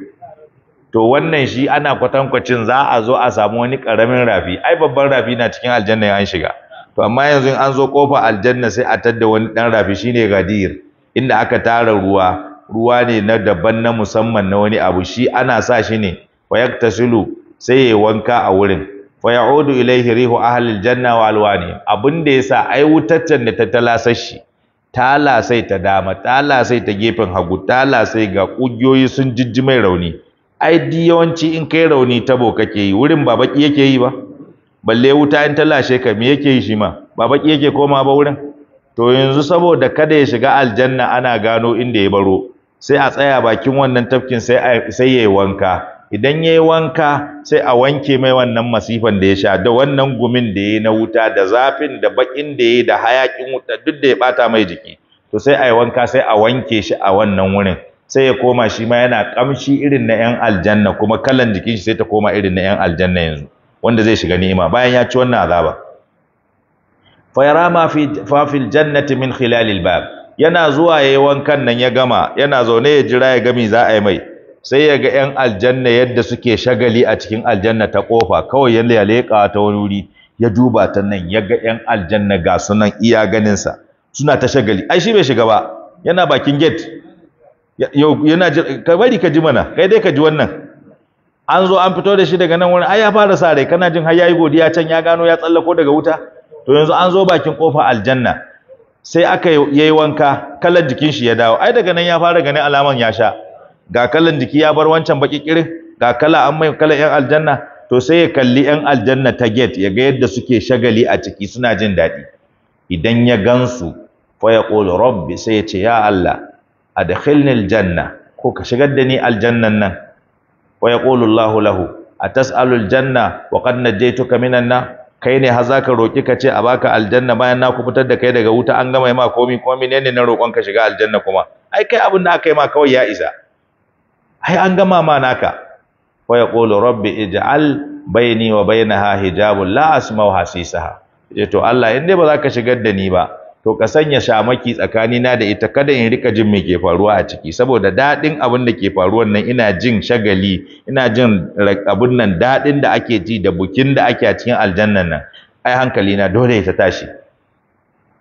to wannan shi ana kwatankwacin za a zo a samu wani ƙaramin rafi ai babban rafi na cikin aljanna an shiga to amma yanzu an zo kofar aljanna sai a tadda wani ɗan rafi shine gadir inda aka tara ruwa ruwa ne na daban na musamman na wani abu shi ana sa shi ne fa yaktasilu sai ya wanka a wurin fa ya'udu ilaihi rihu ahli aljanna wa alwani abin da yasa ai wutaccen da ta talasar shi ta lasai ta dama ta lasai ta gefen hagu ta lasai ga ƙugiyoyi sun jijji mai rauni ai di yawanci in kai rauni tabo kake yi wurin ba baƙi yake yi ba balle wuta in ta lashe ka me yake yi shi ma ba baƙi yake koma ba wurin to yanzu saboda kada ya shiga aljanna ana gano inda ya baro sai a tsaya bakin wannan tafkin sai sai yayi wanka idan ya yi wanka sai a wanke mai wannan masifan da ya sha da wannan gumin da yayi na wuta da zafin da bakin da yayi da hayakin wuta duk da ya bata mai jiki to sai ayi wanka sai a wanke shi a wannan wurin sai ya koma shi ma yana kamshi irin na yan aljanna kuma kalan jikin shi sai ta koma irin na yan aljanna yanzu wanda zai shiga ni'ima bayan ya ci wannan azaba fa yara ma fi fil jannati min khilalil bab yana zuwa yayi wankan nan ya gama yana zaune ya jira ya gami za a yi mai sai ya ga 'yan aljanna yadda suke shagali a cikin aljanna ta ƙofa kawai ya leƙa ta wani wuri ya duba ta nan ya ga 'yan aljanna ga sunan iya ganinsa suna ta shagali ai shi bai shiga ba yana bakin gate yana ka bari ka ji mana kai dai ka ji wannan an zo an fito da shi daga nan wurin ai ya fara sa rai kana jin har yayi godiya can ya gano ya tsallako daga wuta to yanzu an zo bakin kofa aljanna sai aka yi wanka kalar jikin shi ya dawo ai daga nan ya fara ganin alaman ya sha ga kalan jiki ya bar wancan baki kirin ga kala an mai kala yan aljanna to sai ya kalli yan aljanna ta gate ya ga yadda suke shagali a ciki suna jin daɗi idan ya gansu fa yaqulu rabbi sai ya ce ya Allah adkhilni aljanna ko ka shigar da ni aljannan nan wa yaqulu Allahu lahu atas'alu aljanna wa qad najaytuka minan nar kai ne har zaka roki ka ce a baka aljanna bayan na kubutar da kai daga wuta an gama ma komi komi ne ne na roƙon ka shiga aljanna kuma ai kai abin da aka yi ma kawai ya isa ai an gama ma naka wa yaqulu rabbi ij'al baini wa bainaha hijabun la asma'u hasisaha to Allah in dai ba za ka shigar da ni ba to ka sanya shamaki tsakanina da ita kada in rika jin me ke faruwa a ciki saboda daɗin abin da ke faruwan nan ina jin shagali ina jin abin nan dadin da ake ji da bukin da ake a cikin aljannan nan ai hankali na dole ya tashi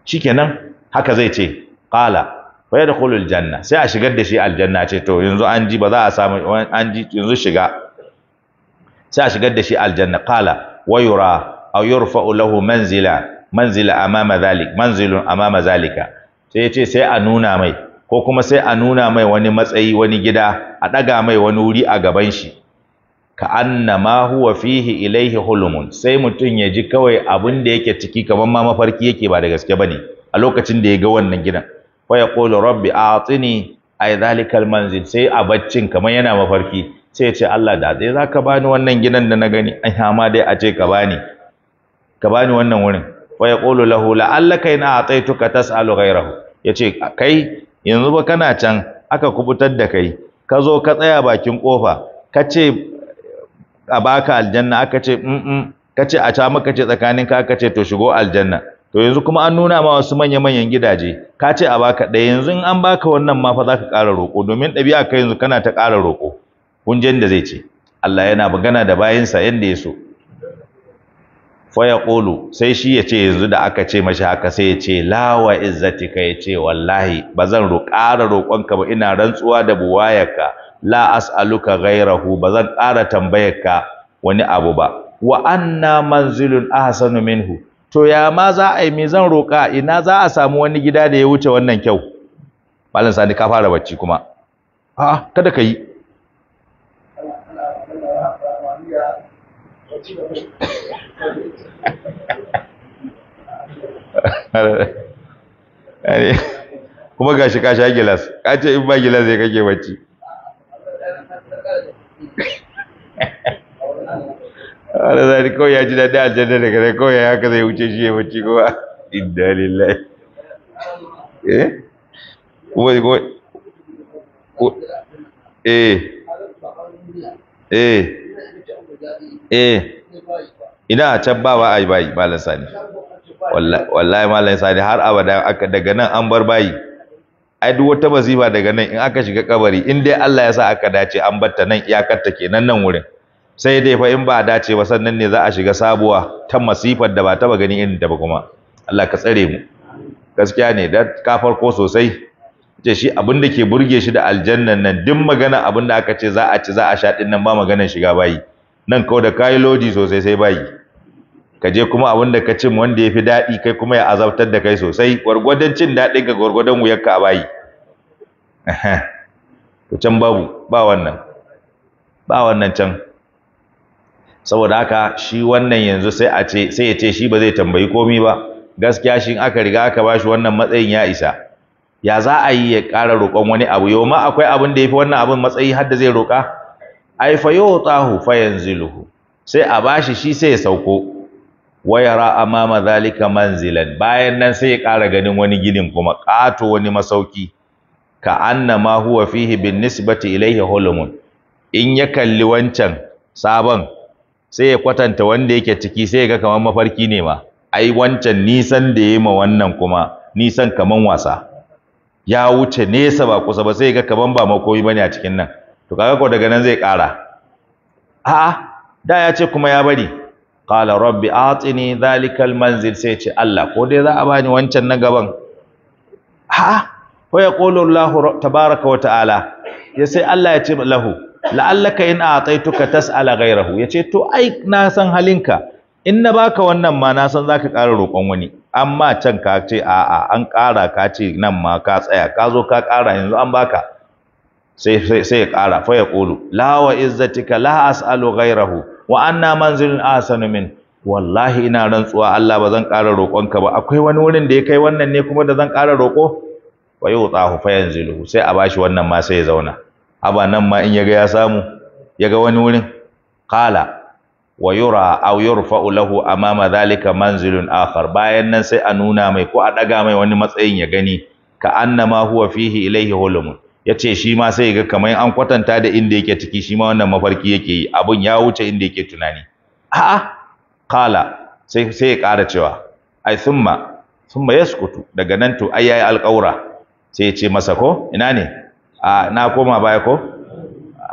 shikenan haka zai ce qala da yadkhulul janna sai a shigar da shi aljanna ce to yanzu an ji ba za a samu an ji yanzu shiga sai a shigar da shi aljanna qala wa yura aw yurfa'u lahu manzila manzila amama zalik manzilun amama zalika sai yace sai a nuna mai ko kuma sai a nuna mai wani matsayi wani gida a daga mai wani wuri a gaban shi ka ma huwa fihi ilaihi hulumun sai mutum ya ji kawai abin da yake ciki kamar ma mafarki yake ba da gaske bane a lokacin da ya ga wannan gidan fa yaqulu rabbi a'tini ay dhalikal manzi sai a baccin kamar yana mafarki sai ya ce Allah da za ka bani wannan gidan da na gani yi hama dai a ce ka bani ka bani wannan wurin fa a lahu la'allaka ta a'taituka tas'alu Ya yace kai yanzu ba kana can aka kubutar da kai ka zo ka tsaya bakin kofa ka ce a baka aljanna aka ce mm ka ce a ca maka ce tsakanin ka aka ce to shigo aljanna to yanzu kuma an nuna ma wasu manya-manyan gidaje ka ce a baka ɗaya yanzu in an baka wannan ma fa za ka ƙara roƙo domin ɗabi'a ka yanzu kana ta ƙara roƙo kunjen da zai ce Allah yana magana da bayansa yadda ya so faya ƙolu sai shi ya ce yanzu da aka ce mashi haka sai ya ce lawa izzatika ya ce wallahi ba zan ƙara roƙonka ba ina rantsuwa da buwayarka la as'aluka ghairahu ba zan ƙara tambayarka wani abu ba wa anna manzilun ahsanu minhu to ya ma za a yi me zan roƙa ina za a samu wani gida da ya wuce wannan kyau malam sani ka fara bacci kuma a'a kada ka yi *laughs* kuma gashi ka sha gilas ka ce in ba gilas zai kake bacci ana zai kawai ya ji daɗi aljanna daga nan kawai ya haka zai wuce shi ya bacci kuma inna lillahi eh kuma eh eh eh ina can ba ba a yi bayi sani wallahi malam sani har abada aka daga nan an bar bayi ai duk wata mazifa daga nan in aka shiga kabari in dai Allah ya sa aka dace an batta nan iyakar take kenan nan wurin sai dai fa in ba dace ba sannan ne za a shiga sabuwa ta masifar da ba taba gani irin ta ba kuma Allah ka tsare mu gaskiya ne da ka farko sosai ce shi abin da ke burge shi da aljannan nan duk magana abin da aka ce za a ci za a sha din nan ba maganar shiga bayi nan kawai da kai lodi sosai sai bayi ka je kuma abin da ka cin wanda ya fi daɗi kai kuma ya azabtar da kai sosai gwargwadon cin daɗin ka gwargwadon wuyarka a bayi *laughs* to can babu ba wannan ba wannan can saboda haka shi wannan yanzu sai a ce sai ya ce shi ba zai tambayi komai ba gaskiya shi aka riga aka bashi wannan matsayin ya isa ya za a yi ya ƙara roƙon wani abu yau ma akwai abin da ya fi wannan abin matsayi har da zai roƙa ai fa yutahu fa yanziluhu sai a bashi shi sai ya sauko wa yara amama zalika manzilan bayan nan sai ya ƙara ganin wani ginin kuma ƙato wani masauki ka annama huwa fihi bin nisbati ilaihi hulumun in ya kalli wancan sabon sai ya kwatanta wanda yake ciki sai ya ga kamar mafarki ne ma ai wancan nisan da ya ma wannan kuma nisan kaman wasa ya wuce nesa ba kusa ba sai ga kaman ba makoyi bane a cikin nan to kaga ko daga nan zai ƙara a'a da ya ce kuma ya bari qala rabbi atini dhalikal manzil sai ce Allah ko dai za a bani wancan na gaban a'a ko ya qulu Allah tabaraka wa ta'ala ya sai Allah ya ce lahu la'allaka in ataituka tas'ala ghayrahu yace to ai na san halinka in na baka wannan ma na san zaka ƙara roƙon wani amma can ka ce a'a an ƙara ka ce nan ma ka tsaya ka zo ka ƙara yanzu an baka sai sai sai ya ƙara fa ya qulu la wa izzatika la as'alu ghayrahu wa anna manzilun ahsanu min wallahi ina rantsuwa Allah ba zan ƙara roƙonka ba akwai wani wurin da ya kai wannan ne kuma da zan ƙara roƙo wa yutahu fa yanzilu sai a bashi wannan ma sai ya zauna aba nan ma in yaga ya samu ya ga wani wurin qala wa yura aw yurfa'u lahu amama dhalika manzilun akhar bayan nan sai a nuna mai ko a daga mai wani matsayin ya gani ka annama huwa fihi ilayhi hulum yace shi ma sai ga kamar an kwatanta da inda yake ciki shi ma wannan mafarki yake yi abun ya wuce inda yake tunani a a'a qala sai sai ya ƙara cewa ai thumma thumma yaskutu daga nan to ai yayi sai ya ce masa ko ina ne na koma baya ko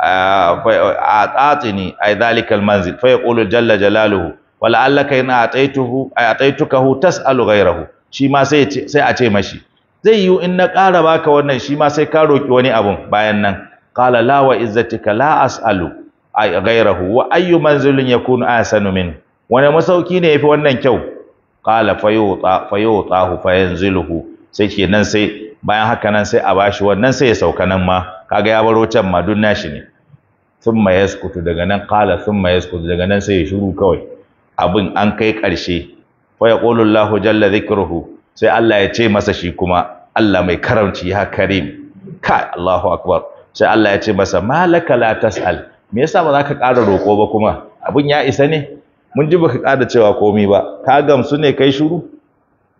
A a yi dhalika manzil fa yaqulu jalla jalaluhu wala allaka in ataituhu ay ataitukahu tasalu ghayrahu shi ma sai a ce mashi zai yi in na ƙara baka wannan shi ma sai ka roƙi wani abun bayan nan qala la wa izzatika la as'alu ay ghayrahu wa ayyu manzilin a sanu min wani masauki ne ya fi wannan kyau fayo tsahu fayan ziluhu sai ke nan sai bayan haka nan sai a bashi wannan sai ya sauka nan ma kaga ya baro can ma duk nashi ne thumma yaskutu daga nan qala thumma yaskutu daga nan sai ya shiru kawai abin an kai karshe fa yaqulu Allahu jalla dhikruhu sai Allah ya ce masa shi kuma Allah mai karamci ya karim ka Allahu akbar sai Allah ya ce masa malaka la tasal me yasa ba za ka ƙara roƙo ba kuma abin ya isa ne mun ji baka ƙara cewa komai ba ka gamsu ne kai shiru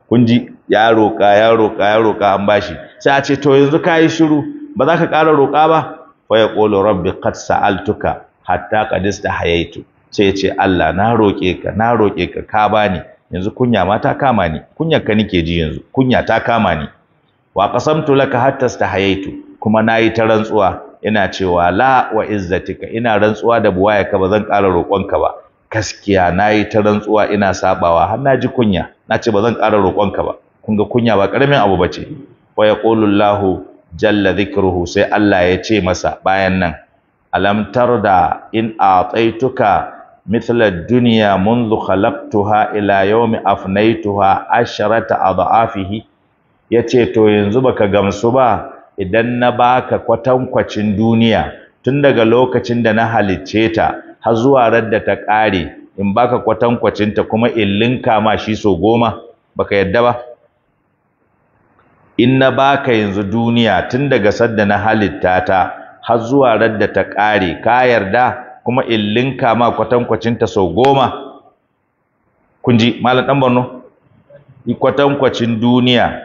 kun ji ya roƙa ya roƙa ya roƙa an bashi sai a ce to yanzu ka yi shiru ba za ka ƙara roƙa ba fa ya ƙolo rabbi qad sa'altuka hatta da hayaitu sai ya ce Allah na roƙe ka na roƙe ka ka bani yanzu kunya ma ta kama ni kunyar ka nike ji yanzu kunya ta kama ni wa qasamtu laka hatta hayaitu kuma nayi ta rantsuwa ina cewa la wa izzatika ina rantsuwa da buwayaka ba zan ƙara roƙonka ba gaskiya nayi ta rantsuwa ina sabawa har na ji kunya na ce ba zan ƙara roƙonka ba kun ga kunya ba karamin abu bace wa yaqulu Allahu jalla dhikruhu sai Allah ya ce masa bayan nan alam tarda in ataituka mithla dunya منذ khalaqtuha ila yawmi afnaituha asharata adhafihi yace to yanzu baka gamsu ba idan na baka kwatankwacin duniya tun daga lokacin da na halicce ta har zuwa radda ta ƙare in baka ta kuma in linka ma shi so goma baka yadda ba in na baka yanzu duniya tun daga sadda na halitta ta har zuwa radda ta ƙare ka yarda kuma in linka ma ta sau goma kun ji malam ɗan borno kwatankwacin duniya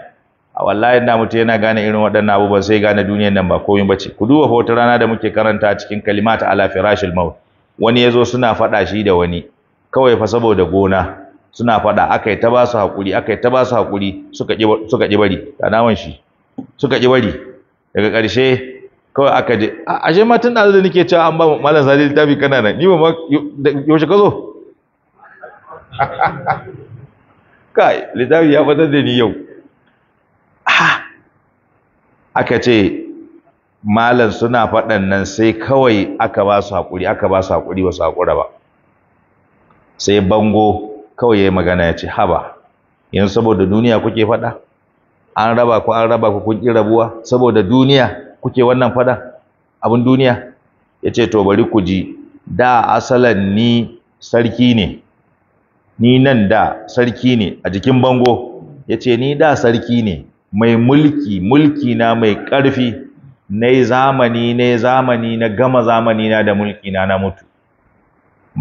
a wallahi na mutu yana gane irin waɗannan abubuwan sai gane duniyar nan ba komai bace ku duba hoto rana da muke karanta cikin kalimata ala firashil maut wani yazo suna faɗa shi da wani kawai fa saboda gona suna faɗa aka yi ta ba su haƙuri aka yi ta ba su haƙuri suka ƙi bari Da naman shi suka ƙi bari daga ƙarshe kawai aka je ashe ma tun da nake cewa an ba mu malam sadi littafi kana nan ni ba ma yaushe ka zo *laughs* kai littafi ya fitar da ni yau ah! aka ce malam suna faɗan nan sai kawai aka ba su haƙuri aka ba su haƙuri ba su haƙura ba sai bango kawai yayi magana ya ce haba yanzu saboda duniya kuke faɗa an raba ku an raba ku kun ƙi rabuwa saboda duniya kuke wannan faɗa abin duniya ya ce to bari ku ji da asalan ni sarki ne ni nan da sarki ne a jikin bango ya ce ni da sarki ne mai mulki mulki na mai ƙarfi na zamani na zamani na gama zamani na da mulki na na mutu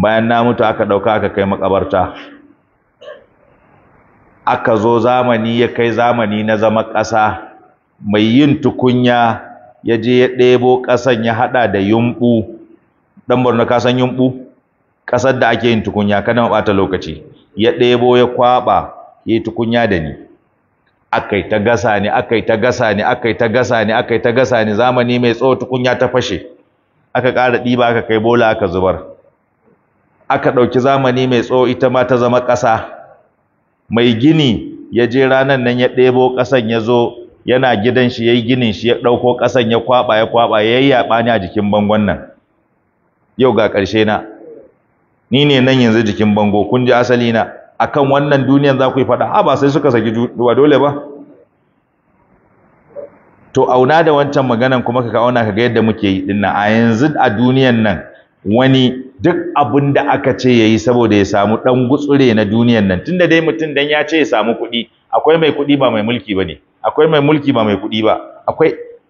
bayan na mutu aka ɗauka aka kai makabarta aka zo zamani ya kai zamani na zama ƙasa mai yin tukunya ya je ya ɗebo ƙasan ya haɗa da yumɓu ɗan borno ka san yumɓu ƙasar da ake yin tukunya kada ma ɓata lokaci ya ɗebo ya kwaɓa ya yi tukunya da ni akai ta gasa ne akai ta gasa ne akai ta gasa ne akai ta gasa ne zamani mai tsawo tukunya ta fashe aka ƙara ɗiba aka kai bola aka zubar aka ɗauki zamani mai tsawo ita ma ta zama ƙasa mai gini ya je ranan nan ya ɗebo ƙasan ya zo yana gidan shi yayi ginin shi ya ɗauko ƙasan ya kwaɓa ya kwaɓa ya yaɓa ni a jikin bangon nan yau ga ƙarshe na ni ne nan yanzu jikin bango kun ji asali na akan wannan duniyan za ku yi faɗa a ah, ba sai suka saki duwa dole ba to auna da wancan maganan kuma ka auna ka ga yadda muke yi dinnan a yanzu a duniyan nan wani duk abin da aka ce ya yi saboda ya samu ɗan gutsure na duniyan nan tunda dai mutum dan ya ce ya samu kuɗi akwai mai kuɗi ba mai mulki ba ne, akwai mai mulki ba mai kuɗi ba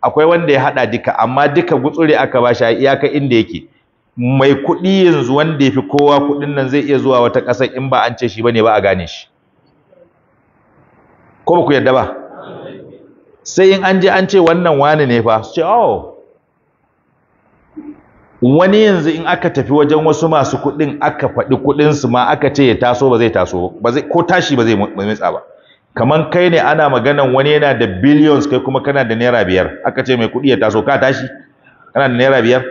akwai wanda ya haɗa duka amma duka gutsure aka ba shi a iyaka inda yake mai kuɗi yanzu wanda ya fi kowa kuɗin nan zai iya zuwa wata ƙasar in ba an ce shi ba ne ba a gane shi ko ba ku yarda ba sai in an je an ce wannan wani ne fa su ce oh wani yanzu in aka tafi wajen wasu masu kuɗin aka faɗi kuɗinsu ma aka ce ya taso ba zai taso ba zai ko tashi ba zai mitsa ba kaman kai ne ana magana wani yana da billions kai kuma kana da naira biyar aka ce mai kuɗi ya taso ka tashi kana da naira biyar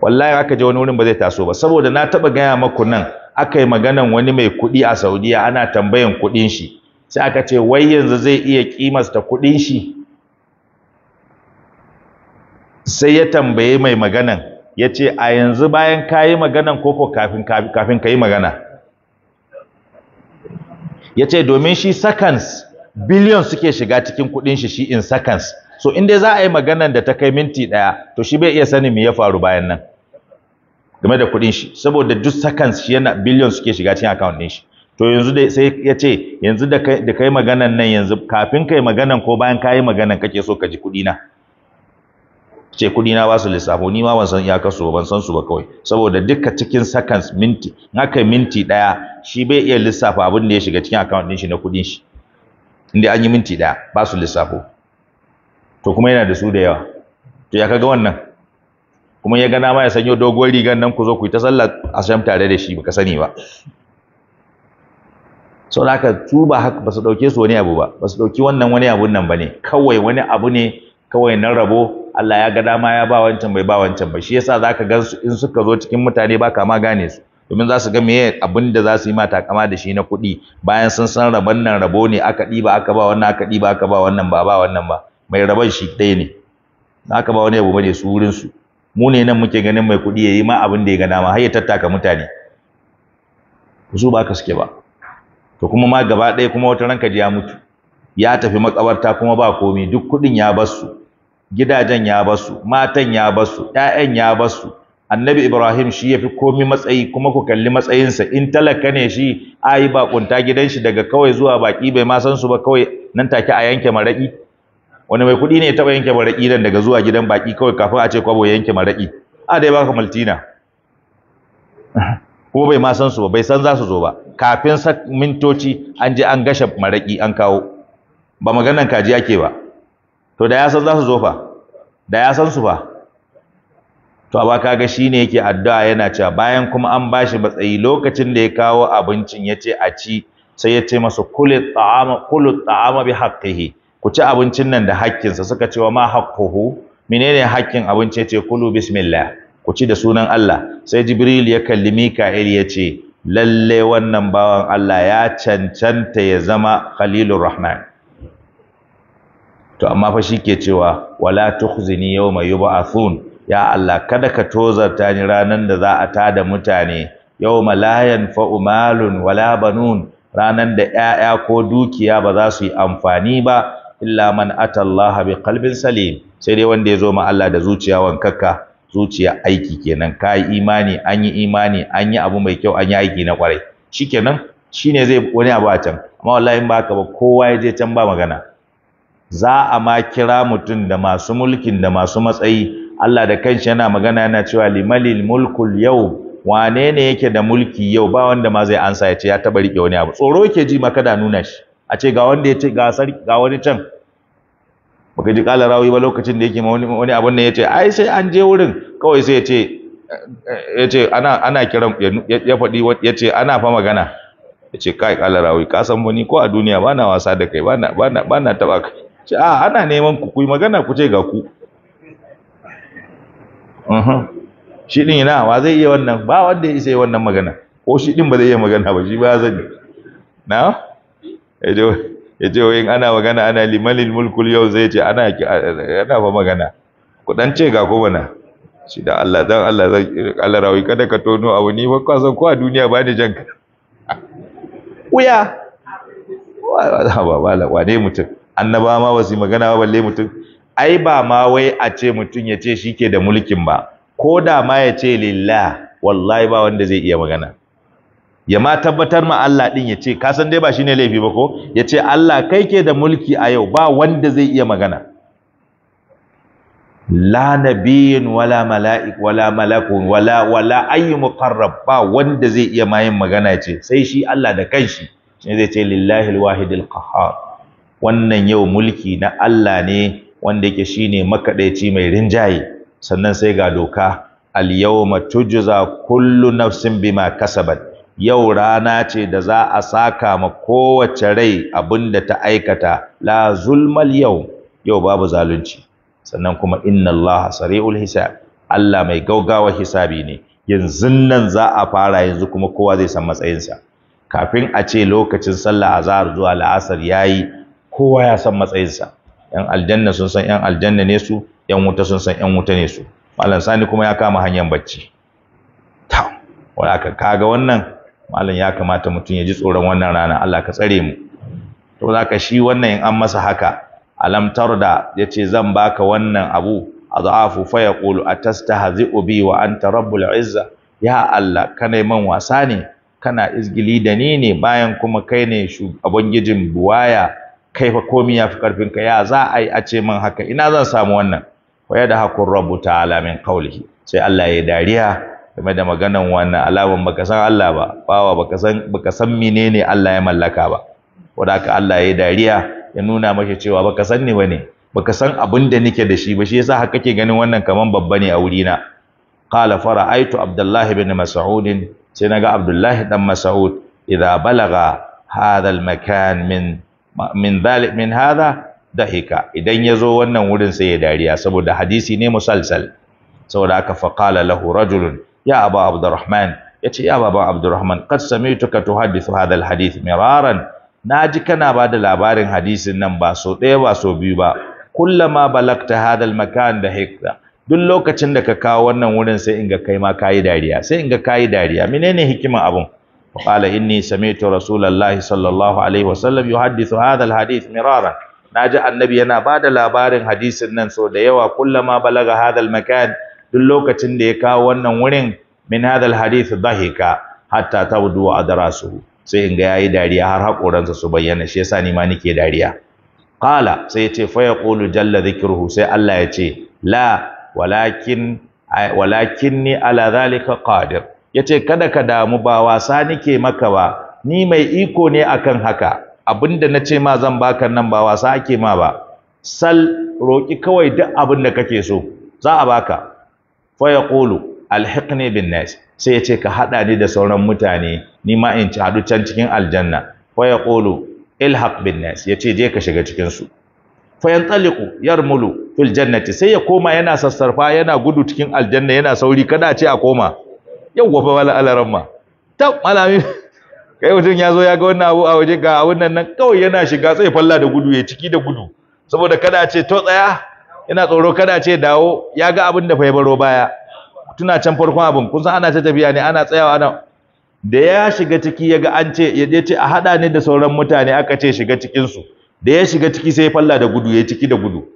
wallahi aka je wani wurin ba zai taso ba saboda na taɓa gaya maku nan aka yi maganan wani mai kuɗi a saudiya ana tambayan kuɗin shi sai aka ce wai yanzu zai iya kimasta kuɗin shi sai ya tambaye mai maganan ya ce a yanzu bayan ka yi maganan koko kafin ka yi magana ya ce domin shi seconds biliyon suke shiga cikin kudin shi shi in seconds so inda za a yi maganan da ta kai minti ɗaya to shi bai iya sani me ya faru bayan nan game da kudin shi saboda duk seconds shi yana biliyon suke shiga cikin account din shi to yanzu da sai ya ce yanzu da kai maganan nan yanzu kafin kai maganan ko bayan ka yi maganan kake so ka ji kudi na ce kudi na ba su lissafo ni ma ban san iyakar su ban san su ba kawai saboda duka cikin seconds minti in aka minti daya shi bai iya lissafa abin da ya shiga cikin account din shi na kudin shi inda an yi minti daya ba su lissafo to kuma yana da su da yawa to ya kaga wannan kuma ya gana ma ya sanyo doguwar rigar nan ku zo ku yi ta sallar asham tare da shi baka sani ba sau da su ba haka ba su ɗauke su wani abu ba ba su ɗauki wannan wani abun nan ba ne kawai wani abu ne kawai na rabo Allah ya ga dama ya ba wancan bai ba wancan ba shi yasa zaka ga su in suka zo cikin mutane ba kama gane su domin za su ga meye abin da za su yi ma takama da shi na kuɗi bayan sun san rabon nan rabo ne aka ɗiba aka ba wannan aka ɗiba aka ba wannan ba ba wannan ba mai rabon shi ɗaya ne aka ba wani abu bane su wurin su mu ne nan muke ganin mai kuɗi yayi ma abin da ya ga dama har ya tattaka mutane su ba ka suke ba to kuma ma gaba ɗaya kuma wata ranka ji ya mutu ya tafi makabarta kuma ba komi duk kuɗin ya bar su gidajen ya basu matan ya basu ƴaƴan ya basu annabi ibrahim shi yafi komi matsayi kuma ku kalli matsayinsa in talaka ne shi ayi ba kunta gidan shi daga kawai zuwa baki bai ma san su ba kawai nan take a yanke maraki wani mai kuɗi ne ya taɓa yanke maraki dan daga zuwa gidan baki kawai kafin a ce kwabo yanke maraki a dai baka maltina *laughs* kuma bai ma san su ba bai san za su zo ba kafin mintoci an je an gashe maraki an kawo ba maganan kaji ake ba to da ya san za su zo fa da ya san su fa to ga kaga shine yake addu'a yana cewa bayan kuma an bashi matsayi lokacin da ya kawo abincin yace a ci sai ya ce masa kulu ta'ama kulu ta'ama bi haqqihi ku ci abincin nan da haƙƙinsa suka ce wa ma haqquhu menene haƙƙin abinci yace kulu bismillah ku ci da sunan Allah sai Jibril ya kalli Mika'il ya ce lalle wannan bawan Allah ya cancanta ya zama Khalilur Rahman to amma fa shi ke cewa wala tukhzini yawma yub'athun ya Allah kada ka tozarta ni ranan da za a tada mutane yawma la yanfa'u malun wala banun ranan da 'ya'ya ko dukiya ba za su yi amfani ba illa man Allah bi qalbin salim sai dai wanda ya zo ma Allah da zuciya wankakka zuciya aiki kenan kai imani an yi imani an yi abu mai kyau an yi aiki na kwarai shikenan shine zai wani abu a can amma wallahi in ba ka ba kowa ya je can ba magana za a ma kira mutum da masu mulkin da masu matsayi Allah da kanshi yana magana yana cewa limalil mulkul yau wane ne yake da mulki yau ba wanda ma zai ansa ya ce ya taba rike wani abu tsoro yake ji maka da nuna shi a ce ga wanda ya ce ga ga wani can baka ji kala rawi ba lokacin da yake ma wani wani abun nan yace ai sai an je wurin kawai sai yace yace ana ana kiran ya faɗi yace ana fa magana yace kai kala rawi ka san wani ko a duniya bana wasa da kai bana bana bana taba kai ce a ana neman ku kuyi magana ku ce ga ku shi din yana wa zai iya wannan ba wanda ya isa yi wannan magana ko shi din ba zai iya magana ba shi ba zai na ya ce in ana magana ana limalil mulkul yau zai ce ana ana ba magana ku dan ce ga ku bana shi da Allah dan Allah zan Allah rawi kada ka tono abu ni ba kwa san ko a duniya ba ni jan ka uya wa ba ba la wane mutum annabawa ma ba su magana ba balle mutum ai ba ma wai a ce mutum ya ce shi ke da mulkin ba ko da ma ya ce lillah wallahi ba wanda zai iya magana ya ma tabbatar ma Allah din ya ce ka san dai ba shi ne laifi ba ko ya ce Allah kai ke da mulki a yau ba wanda zai iya magana la nabiyin wala mala'ik wala malakun wala wala ayyu muqarrab ba wanda zai iya mayin magana ce sai shi Allah da kanshi shi zai ce lillahi alwahidil qahhar wannan yau mulki na Allah ne wanda yake shine makaɗaici mai rinjaye sannan sai ga doka al yawma tujza kullu nafsin bima kasabat yau rana ce da za a saka ma kowace rai abinda ta aikata la zulmal yau yau babu zalunci sannan kuma inna Allah sari'ul hisab Allah mai gaugawa hisabi ne yanzu nan za a fara yanzu kuma kowa zai san matsayinsa kafin a ce lokacin sallah azhar zuwa la'asar yayi kowa ya san matsayinsa yan aljanna sun san yan aljanna ne su yan wuta sun san yan wuta ne su malam sani kuma ya kama hanyar bacci ta wala kaga wannan malam ya kamata mutum ya ji tsoron wannan rana Allah ka tsare mu to zaka shi wannan in an masa haka alam tarda yace zan baka wannan abu adhafu fa yaqulu atastahzi'u bi wa anta rabbul izza ya Allah kana man wasa ne kana izgili da ni ne bayan kuma kai ne shugaban abangijin buwaya kai fa komi ya fi karfin ka ya za a yi a ce min haka ina zan samu wannan wa ya da hakun rabu ta alamin qawlihi sai Allah ya dariya game da maganan wannan alaban baka san Allah ba bawa baka san baka san menene Allah ya mallaka ba wanda haka Allah ya dariya ya nuna maka cewa baka san ni bane baka san abin da nake da shi ba shi yasa haka ke ganin wannan kaman babba ne a wurina qala fara'aitu abdullahi ibn mas'ud sai naga abdullahi dan mas'ud idza balaga hadha al-makan min min dhalik min hadha dahika idan yazo wannan wurin sai ya dariya saboda hadisi ne musalsal saboda haka fa qala lahu rajulun ya aba abdurrahman yace ya baba abdurrahman qad sami'tuka tuhaddithu hadha alhadith miraran naji kana bada labarin hadisin nan ba so ɗaya ba so biyu ba kullama balagta hadha almakan dahika duk lokacin da ka kawo wannan wurin sai in ga kai ma kayi dariya sai in ga kayi dariya menene hikiman abun وقال إني سمعت رسول الله صلى الله عليه وسلم يحدث هذا الحديث مرارا ناجا النبي أنا بعد لابار حديث النسو ديوا كلما بلغ هذا المكان دلوكة تنديكا ونورين من هذا الحديث ضحكا حتى تبدو أدراسه sai in ga yayi dariya har hakoransa su bayyana shi yasa ni ma nake dariya qala sai yace fa yaqulu jalla dhikruhu sai Allah yace la walakin walakinni ala zalika qadir yace kada ka damu ba wasa nike maka ba ni mai iko ne akan haka abinda nace ma zan baka nan ba wasa ake ma ba sal roki kawai duk abinda da kake so za a baka fa yaqulu alhiqni bin nas sai yace ka hada ni da sauran mutane ni ma in ci hadu can cikin aljanna fa yaqulu ilhaq bin nas yace je ka shiga cikin su fa yantaliqu yarmulu fil jannati sai ya koma yana sassarfa yana gudu cikin aljanna yana sauri kada a ce a koma yau gobe wala alaran ma ta malami *laughs* kai mutum ya zo ya ga wannan abu a waje ga wannan nan kawai yana shiga sai falla da gudu ya ciki da gudu saboda kada ce to tsaya yana tsoro kada ce dawo ya ga abin da fa ya baya tuna can farkon abin kun san ana ta tafiya ne ana tsayawa ana da ya shiga ciki ya ga an ce ya ce a haɗa ne da sauran mutane aka ce shiga cikinsu da ya shiga ciki sai falla da gudu ya ciki da gudu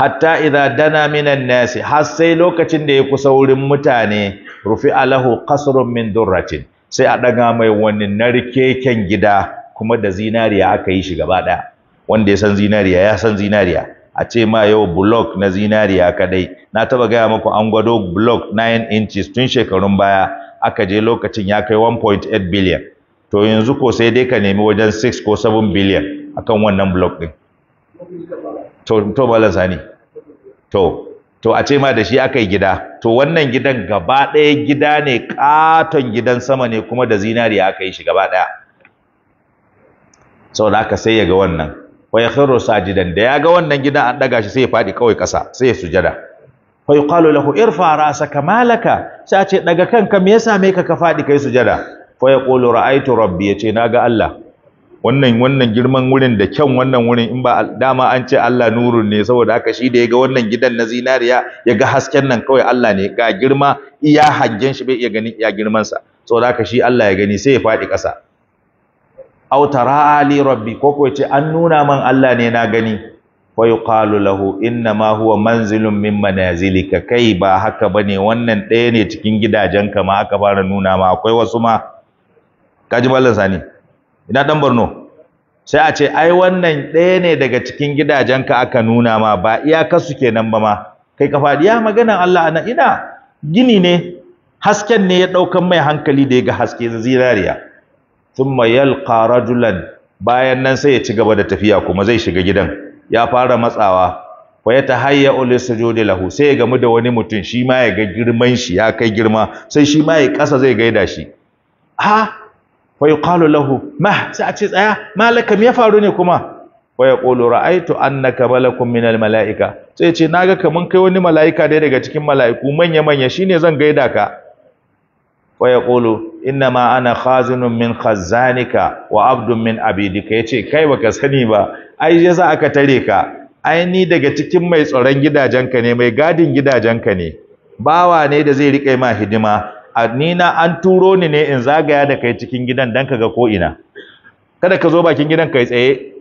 hatta idza dana minan nasi har sai lokacin da ya kusa wurin mutane rufi alahu qasrun min durratin sai a daga mai wani narkeken gida kuma da zinariya aka yi shi gaba daya wanda ya san zinariya ya san zinariya a ce ma yau block na zinariya kadai na taba gaya muku an gwado block 9 inches tun shekarun baya aka je lokacin ya kai 1.8 billion to yanzu ko sai dai ka nemi wajen 6 ko 7 billion akan wannan block din to to malam sani to to a ce ma da shi aka yi gida to wannan gidan gaba ɗaya gida ne katon gidan sama ne kuma da zinari aka yi shi gaba ɗaya saboda haka sai ya ga wannan wa khiru sajidan da ya ga wannan gidan an daga shi sai ya faɗi kawai ƙasa sai ya sujada fa yuqalu lahu irfa ra'saka malaka sai a ce daga kanka me yasa me ka ka faɗi kai sujada fa yaqulu ra'aytu rabbi na ga Allah wannan wannan girman wurin da kyan wannan wurin in ba dama an ce Allah nurun ne saboda haka shi da ya ga wannan gidan na zinariya ya ga hasken nan kawai Allah ne ga girma iya hangen shi bai iya ganin iya girman sa saboda haka shi Allah ya gani sai ya faɗi ƙasa aw tara ali rabbi ko ko ce an nuna man Allah ne na gani wa yuqalu lahu inna ma huwa manzilun min manazilika kai ba haka bane wannan ɗaya ne cikin gidajenka ma aka fara nuna ma akwai wasu ma kaji mallan sani ina dan Borno sai a ce ai wannan ɗaya ne daga cikin gidajenka aka nuna ma ba iyaka su kenan ba ma kai ka faɗi ya maganan Allah ana ina gini ne hasken ne ya ɗaukan mai hankali da ya ga haske zinariya thumma yalqa rajulan bayan nan sai ya ci gaba da tafiya kuma zai shiga gidan ya fara matsawa wa ya tahayya ul sujudi lahu sai ya gamu da wani mutum shi ma ya ga girman shi ya kai girma sai shi ma ya kasa zai gaida shi Ha! fa yuqalu lahu ma sai a ce tsaya malaka ya faru ne kuma wa yaqulu ra'aytu annaka malakun minal mala'ika sai ce naga kaman kai wani mala'ika dai daga cikin mala'iku manya manya shine zan gaida ka wa in inna ma ana khazinun min khazanika wa abdun min abidika yace kai baka sani ba ai yasa aka tare ka ai ni daga cikin mai tsaron gidajen ka ne mai gadin gidajen ka ne bawa ne da zai rike ma hidima a nina an turo ni ne in zagaya da kai cikin gidan dan kaga ko ina kada ka zo bakin gidan kai tsaye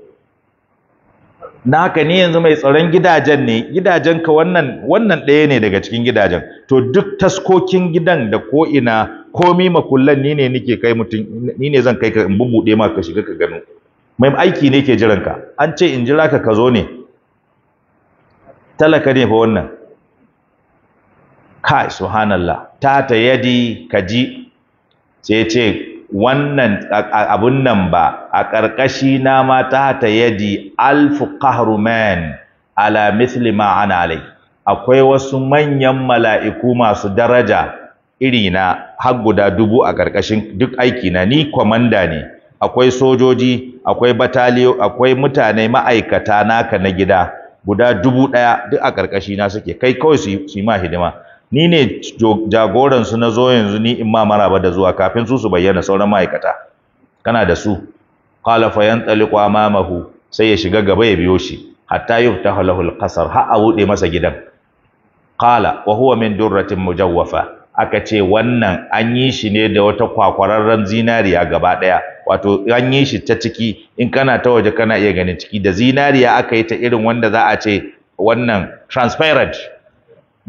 na haka ni yanzu mai tsaron gidajen ne gidajen ka wannan wannan ɗaya ne daga cikin gidajen to duk taskokin gidan da ko ina komi makullan ni ne nike kai mutum ni ne zan kai ka in bubude ma ka shiga ka gano mai aiki ne ke jiran ka an ce in jira ka ka zo ne talaka ne fa wannan kai subhanallah ta ta yadi kaji sai ce wannan abun nan ba a ƙarƙashi na ma ta ta yadi alfu qahruman ala misli ma ana alai akwai wasu manyan mala'iku masu daraja iri na har guda dubu a ƙarƙashin duk aiki na ni kwamanda ne akwai sojoji akwai bataliyo akwai mutane ma'aikata naka na gida guda dubu ɗaya duk a ƙarƙashi na suke kai kawai su yi ma hidima ni ne jagoransu na zo yanzu ni in ma maraba da zuwa kafin su su bayyana sauran ma'aikata kana da su qala fa yantaliqu amamahu sai ya shiga gaba ya biyo shi hatta yuftahu lahu alqasr ha a bude masa gidan qala wa huwa min durratin mujawwafa aka ce wannan an yi shi ne da wata kwakwararren zinariya gaba daya wato an yi shi ta ciki in kana ta waje kana iya ganin ciki da zinariya aka yi ta irin wanda za a ce wannan transparent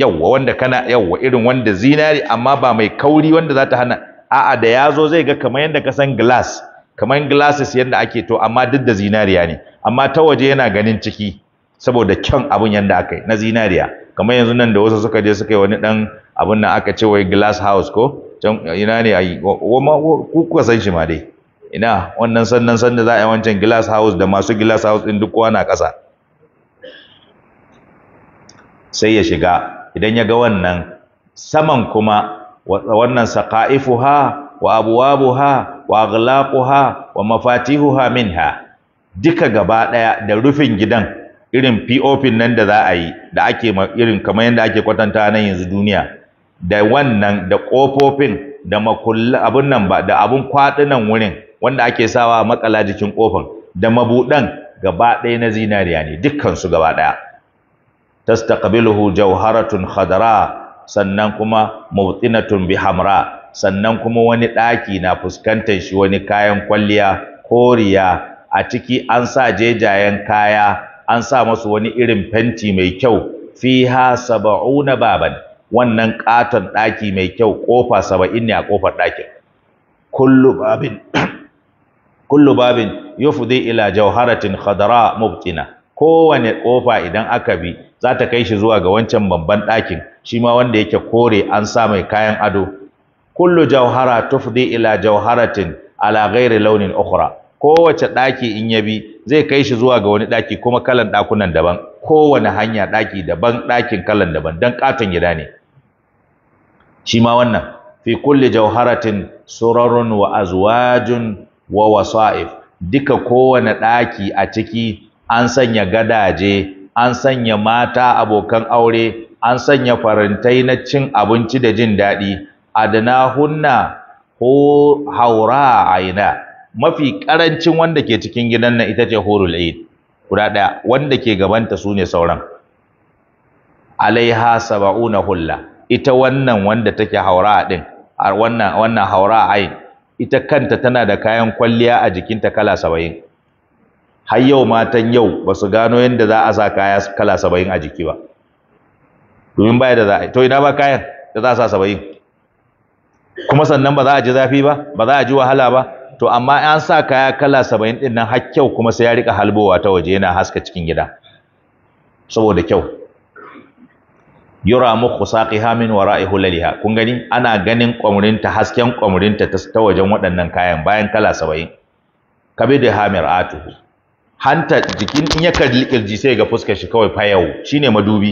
yawwa wanda kana yawwa irin wanda zinari amma ba mai kauri wanda za ta hana a'a da ya zo zai ga kamar yadda ka san glass kamar glasses yadda ake to amma duk da zinariya ne amma ta waje yana ganin ciki saboda kyan abun yadda aka yi na zinariya kamar yanzu nan da wasu suka je suka yi wani dan abun nan aka ce wai glass house ko can ina ne ayi ku kuka san shi ma dai ina wannan sannan san da za a yi wancan glass house da masu glass house din duk kowa na ƙasa sai ya shiga idan ya ga wannan saman kuma wannan saqaifuha wa abwabuha wa aghlaquha wa mafatihuha minha duka gaba daya da rufin gidan irin POP nan da za a yi da ake irin kamar yadda ake kwatanta nan yanzu duniya da wannan da kofofin da makulla abun nan ba da abun kwadunan wurin wanda ake sawa makala jikin kofan da mabudan gaba ɗaya na zinariya ne dukkan su gaba ɗaya tastaqbiluhu jawharatun khadara sannan kuma mubtinatun bihamra sannan kuma wani ɗaki na fuskantar shi wani kayan kwalliya koriya a ciki an sa jejayen kaya an sa masu wani irin fenti mai kyau fiha sab'una baban wannan katon ɗaki mai kyau ƙofa saba'in ne a ƙofar ɗakin kullu babin *clears throat* kullu babin yufdi ila jawharatin khadara mubtina kowane ƙofa idan aka bi za ta kai shi zuwa ga wancan babban ɗakin shi ma wanda yake kore an sa mai kayan ado kullu jauhara tufdi ila jauharatin ala ghairi launin ukhra kowace ɗaki in ya bi zai kai shi zuwa ga wani ɗaki kuma kalan ɗakunan daban kowane hanya ɗaki daban ɗakin kalan daban dan katon gida ne shi ma wannan fi kulli jauharatin surarun wa azwajun wa wasa'if duka kowane ɗaki a ciki an sanya gadaje an sanya mata abokan aure an sanya farantai na cin abinci da jin daɗi adana hunna ko haura aina mafi ƙarancin wanda ke cikin gidan nan ita ce hurul aid, guda ɗaya wanda ke gabanta su ne sauran alaiha saba'una hulla ita wannan wanda take haura din wannan wannan haura ita kanta tana da kayan kwalliya a jikinta kala saba'in har yau matan yau ba su gano yadda za a sa kaya kala saba'in a jiki ba domin baya da za a to ina ba kayan da za a sa saba'in kuma sannan ba za a ji zafi ba ba za a ji wahala ba to amma an sa kaya kala saba'in din nan har kyau kuma sai ya rika halbowa ta waje yana haska cikin gida saboda kyau yura muku saƙi hamin wa wara'i hulaliha kun gani ana ganin ƙwamurinta hasken kwamrinta ta wajen waɗannan kayan bayan kala saba'in kabe da hamir atuhu hanta jikin in ya kalli kirji sai ga fuskar shi kawai fayau shine madubi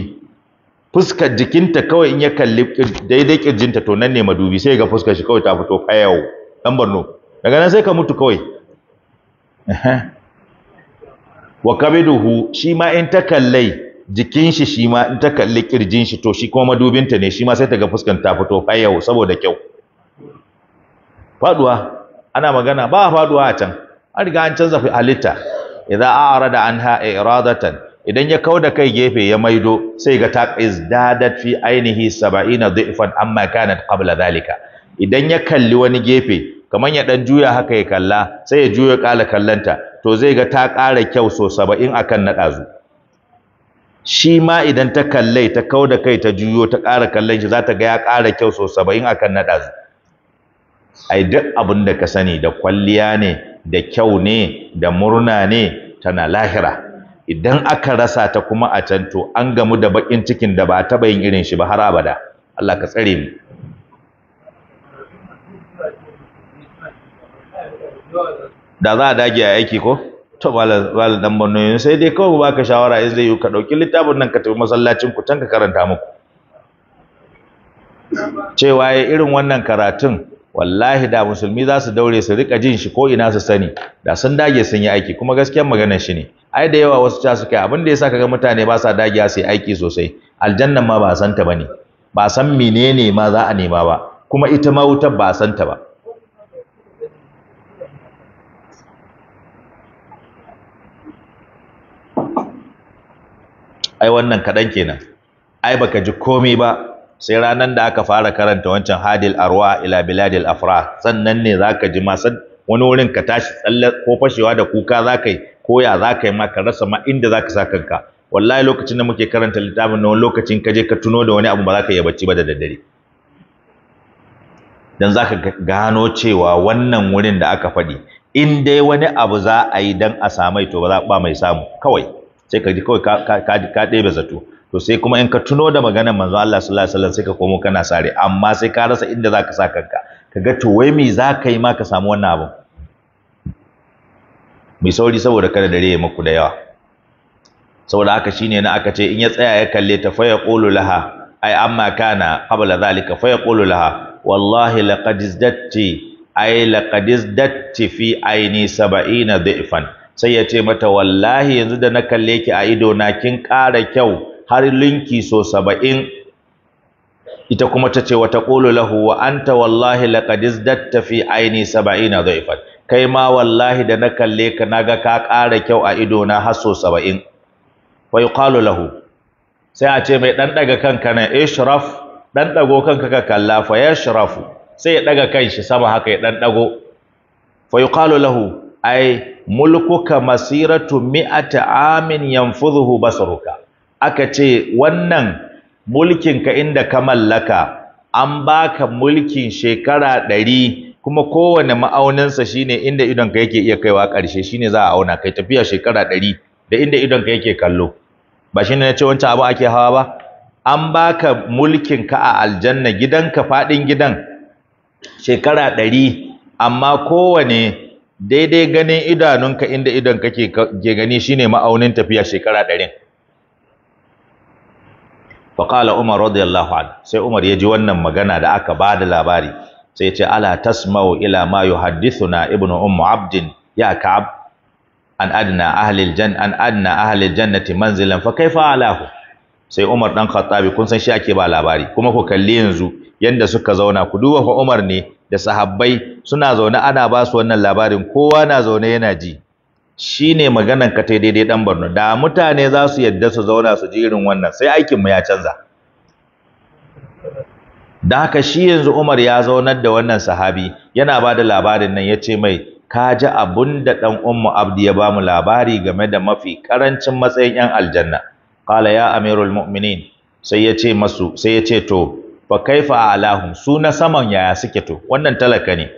fuskar jikinta kawai in ya kalli daidai kirjinta to nan ne madubi sai ga fuskar shi kawai ta fito fa fayau dan barno daga nan sai ka mutu kawai *laughs* wa kabiduhu shi ma in ta kallai jikin shi shi ma in ta kalli kirjin shi to shi kuma madubinta ne shi ma sai ta ga fuskar ta fito fa fayau saboda kyau faduwa ana magana ba faduwa a can an riga an canza halitta idza a'rada anha iradatan idan ya kauda kai gefe ya maido sai ga ta izdadat fi ainihi 70 dhifan amma kanat qabla dhalika idan ya kalli wani gefe kaman ya dan juya haka ya kalla sai ya juya kala kallanta to zai ga ta ƙara kyau so 70 akan na dazu shi ma idan ta kalle ta kauda kai ta juyo ta ƙara kallon shi za ta ga ya ƙara kyau so 70 akan na dazu ai duk abin da ka sani da kwalliya ne da kyau ne da murna ne tana lahira idan aka rasa ta kuma a can to an gamu da bakin cikin da ba taɓa yin irin shi ba har abada Allah ka tsare mu da za a dage a aiki ko to malam dan bannoyin sai dai kawai baka shawara in zai yi ka dauki littafin nan ka tafi masallacin ku tanka karanta muku cewa irin wannan karatun wallahi da musulmi za su daure su rika jin shi ko ina su sani da sun dage sun yi aiki kuma gaskiyar maganar shi ne ai da yawa wasu ca suka abin da yasa kaga mutane ba sa dagiya su yi aiki sosai aljannan ma ba san ta bane ba san menene ma za a nema ba kuma ita ma wutar ba san ta ba ai wannan kaɗan kenan ai baka ji komai ba sai ranar da aka fara karanta wancan hadil arwa ila biladil afra sannan ne zaka ji ma wani wurin ka tashi tsalle ko fashewa da kuka zaka yi ko ya zaka yi ma ka rasa ma inda zaka sa kanka wallahi lokacin da muke karanta littafin nan wani lokacin ka je ka tuno da wani abu ba zaka iya bacci ba da daddare dan zaka gano cewa wannan wurin da aka faɗi in dai wani abu za a yi dan a samai to ba za ba mai samu kawai sai ka ji kawai ka ɗebe zato to sai kuma in ka tuno da maganar manzo Allah sallallahu alaihi wasallam sai ka komo kana sare amma sai ka rasa inda zaka sa kanka kaga to wai me zaka yi ma ka samu wannan abu mai sauri saboda kada dare ya muku da yawa saboda haka shine na aka ce in ya tsaya ya kalle ta fa yaqulu laha ai amma kana qabla zalika fa yaqulu laha wallahi laqad izdatti ai laqad izdatti fi aini sab'ina dhifan sai ya ce mata wallahi yanzu da na kalle ki a ido na kin ƙara kyau har linki so saba'in ita kuma ta ce wata ƙulu lahu wa anta wallahi laqad izdatta fi aini saba'ina dhaifan kai ma wallahi da na kalle ka naga ka ƙara kyau a ido na har so saba'in fa yuqalu lahu sai a ce mai dan daga kanka na ishraf dan dago kanka ka kalla fa yashrafu sai ya daga kanshi sama haka ya dan dago fa yuqalu lahu ai mulkuka masiratu mi'ata amin yanfudhuhu basaruka aka ce wannan mulkinka inda ka mallaka an baka mulkin shekara ɗari kuma kowane ma'auninsa shine inda idonka yake iya kaiwa ƙarshe shine za a auna kai tafiya shekara ɗari da inda idonka yake kallo ba shine na ce wancan abu ake hawa ba an baka mulkin ka a aljanna gidanka faɗin gidan shekara ɗari amma kowane daidai ganin idanunka inda idon kake gani shine ma'aunin tafiya shekara ɗarin fa umar radiyallahu anhu sai umar ya ji wannan magana da aka ba da labari sai ya ce ala tasma'u ila ma yuhaddithuna ibnu ummu abdin ya ka'ab an adna ahli aljanna an adna ahli aljannati manzilan fa kaifa alahu sai umar dan khattabi kun san shi ake ba labari kuma ku kalli yanzu yanda suka zauna ku duba fa umar ne da sahabbai suna zaune ana ba su wannan labarin kowa na zaune yana ji Shi ne maganan ka yi daidai dan barno, da mutane za su yadda su zauna su jirin wannan sai aikinmu ya canza da haka shi yanzu Umar ya zaunar da wannan sahabi yana ba da labarin nan ya ce mai ka ji abun da ɗan ummu abdi ya ba mu labari game da mafi karancin matsayin yan aljanna Ƙala ya amirul mu'minin sai ya ce masu sai ya ce to fa kaifa alahum su na saman yaya suke to wannan talaka ne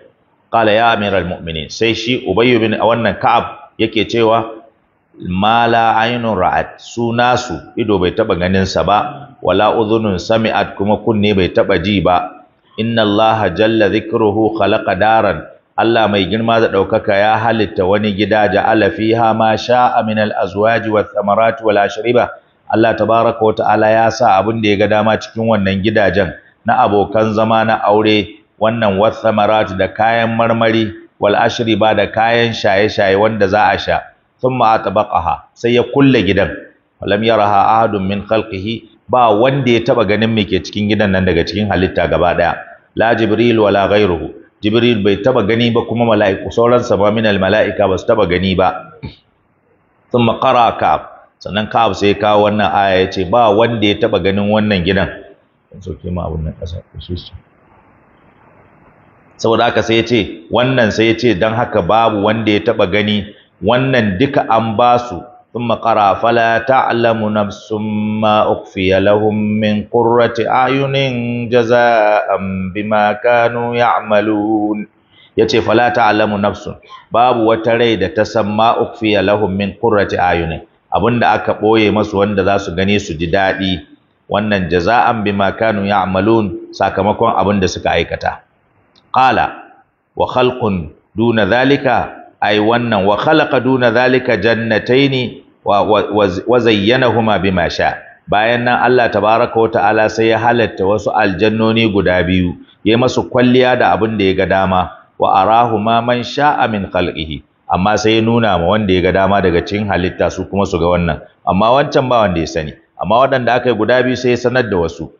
qala ya amirul mu'minin sai shi ubayy bin wannan ka'ab yake cewa mala ainun ra'at su ido bai taba ganin sa ba wala udhunun sami'at kuma kunne bai taba ji ba inna allaha jalla dhikruhu khalaqa daran Allah mai girma da ɗaukaka ya halitta wani gida ja alafiha ma sha'a min al-azwaji wath thamarati wal ashriba Allah tabaraka wa ta'ala ya sa abin da ya ga dama cikin wannan gidajen na abokan zama na aure wannan wath thamarati da kayan marmari wal ashri ba da kayan shaye-shaye wanda za a sha thumma atabaqaha sai ya kulle gidan walam yaraha ahadun min khalqihi ba wanda ya taba ganin me ke cikin gidan nan daga cikin halitta gaba daya la jibril wala ghayruhu jibril bai taba gani ba kuma mala'iku sauran sa min al mala'ika ba su taba gani ba thumma qara ka. sannan ka'ab sai kawo wannan aya yace ba wanda ya taba ganin wannan gidan ma abun nan kasa su saboda haka sai ya ce wannan sai ya ce don haka babu wanda ya taɓa gani wannan duka an ba su sun makara fala alamu nafsun sun ma'ukfiya lahun min qurrati ayunin jaza'an ya kanu Ya ce fala ta alamu nafsun babu wata rai da ta san ma'ukfiya lahun min qurrati ayunin abinda aka ɓoye masu wanda za su gani su ji daɗi wannan jaza'an bima ya ya'malun sakamakon abin da suka aikata qala wa khalqun duna dhalika ai wannan wa khalaqa duna zalika jannataini wa wa zayyanahuma bima sha bayan nan Allah tabaraka wa ta'ala sai ya halatta wasu aljannoni guda biyu yayi masu kwalliya da abin da ya ga dama wa ma man sha'a min khalqihi amma sai ya nuna ma wanda ya ga dama daga cikin halitta su kuma su ga wannan amma wancan ba wanda ya sani amma waɗanda aka yi guda biyu sai ya sanar da wasu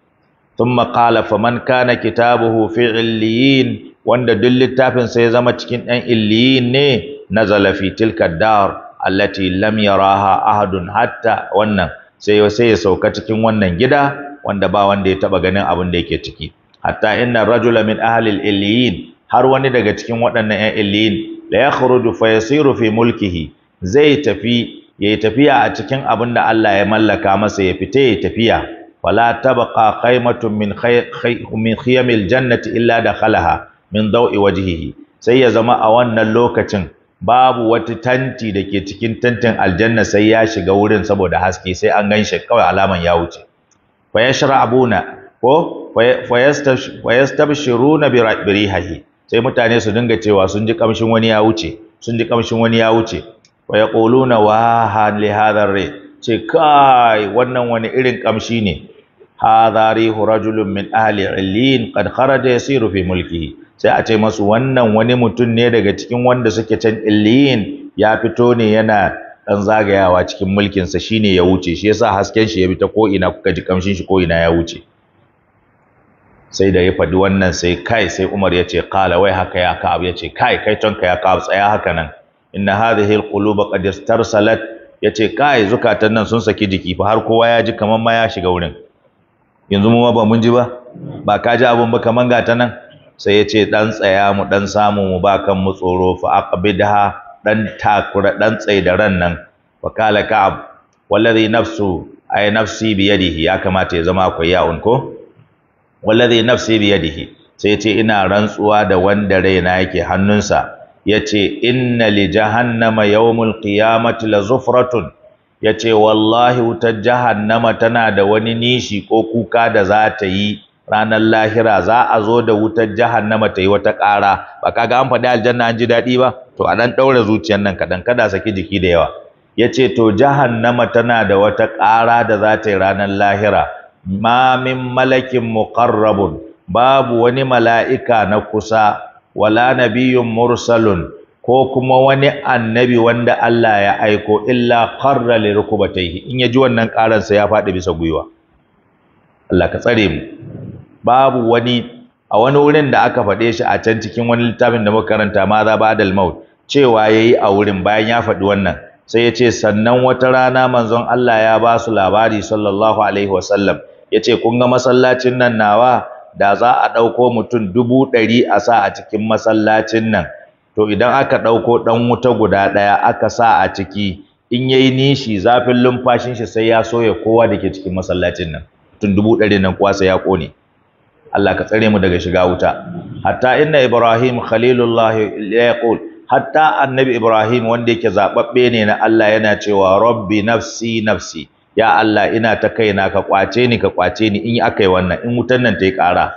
Tun qala faman kana kitabuhu fi illiyin wanda duk littafin sai zama cikin 'yan illiyin ne Na fi tilka dar allati lam yaraha ahadun hatta wannan sai ya sauka cikin wannan gida wanda ba wanda ya taba ganin abin da yake ciki hatta inna rajula min ahli illiyin har wani daga cikin waɗannan 'yan illiyin la yakhruju fa yasiru fi mulkihi zai tafi yayi tafiya a cikin abin da Allah ya mallaka masa ya fita ya tafiya wala tabqa khaymatun min min khiyamil jannati illa da dakhalaha min dau'i wajhihi sai ya zama a wannan lokacin babu wata tanti da ke cikin tantin aljanna sai ya shiga wurin saboda haske sai an ganshi kawai alaman ya wuce fa Abuna, ko fa yastabshiruna bi rihahi sai mutane su dinga cewa sun ji kamshin wani ya wuce sun ji kamshin wani ya wuce wa yaquluna wa hadha ar ce kai wannan wani irin kamshi ne hadha rihu rajulun min ahli illin qad kharaja yasiru fi mulkihi sai a ce masu wannan wani mutum ne daga cikin wanda suke can illin ya fito ne yana dan zagayawa cikin mulkinsa shine ya wuce shi yasa hasken shi ya bi ta ko ina kuka ji kamshin shi ko ina ya wuce sai da ya faɗi wannan sai kai sai Umar ya ce kala wai haka ya ka'ab ya ce kai kai tonka ya ka'ab tsaya haka nan inna hadhihi alqulub qad istarsalat ya ce kai zukatan nan sun saki jiki fa har kowa ya ji kaman ma ya shiga wurin yanzu mu ba mun ji ba ba ka ji abin ba kaman ga ta nan sai ya ce dan tsaya mu dan samu mu ba kan mu tsoro fa aqbidha dan takura dan tsai da ran nan wa kala ka'ab wallazi nafsu ay nafsi bi yadihi ya kamata ya zama akwai ya'un ko wallazi nafsi bi yadihi sai ya ce ina rantsuwa da wanda raina yake hannunsa yace inna li jahannama yawmul qiyamati la zufratun ya ce wallahi wutar jahannama tana da wani nishi ko kuka da za ta yi ranar lahira za a zo da wutar jahannama ta yi wata ƙara ba kaga an faɗi aljanna an ji daɗi ba to a ɗan ɗaura zuciyar nan kaɗan kada saki jiki da yawa ya ce to jahannama tana da wata ƙara da za ta yi ranar lahira ma malakin muqarrabun babu wani mala'ika na kusa wala nabiyyun mursalun ko kuma wani annabi wanda Allah ya aiko illa qarra li rukubatayhi in yaji wannan karan sa ya fadi bisa gwiwa Allah ka tsare mu babu wani a wani wurin da aka faɗe shi a can cikin wani littafin da muka karanta ma za ba'dal maut cewa yayi a wurin bayan ya fadi wannan sai yace sannan wata rana manzon Allah ya ba su labari sallallahu alaihi wasallam yace kun ga masallacin nan nawa da za a ɗauko mutum dubu ɗari a sa a cikin masallacin nan to idan aka ɗauko ɗan wuta guda ɗaya aka sa a ciki in yayi nishi zafin lumfashin shi sai ya soya kowa dake cikin masallacin nan tun dubu ɗari nan kowa sai ya kone Allah ka tsare mu daga shiga wuta hatta inna ibrahim khalilullah ya yaqul hatta annabi ibrahim wanda yake zababbe ne na Allah yana cewa rabbi nafsi nafsi ya Allah ina ta kaina ka kwace ni ka kwace ni in akai wannan in wutan nan ta yi ƙara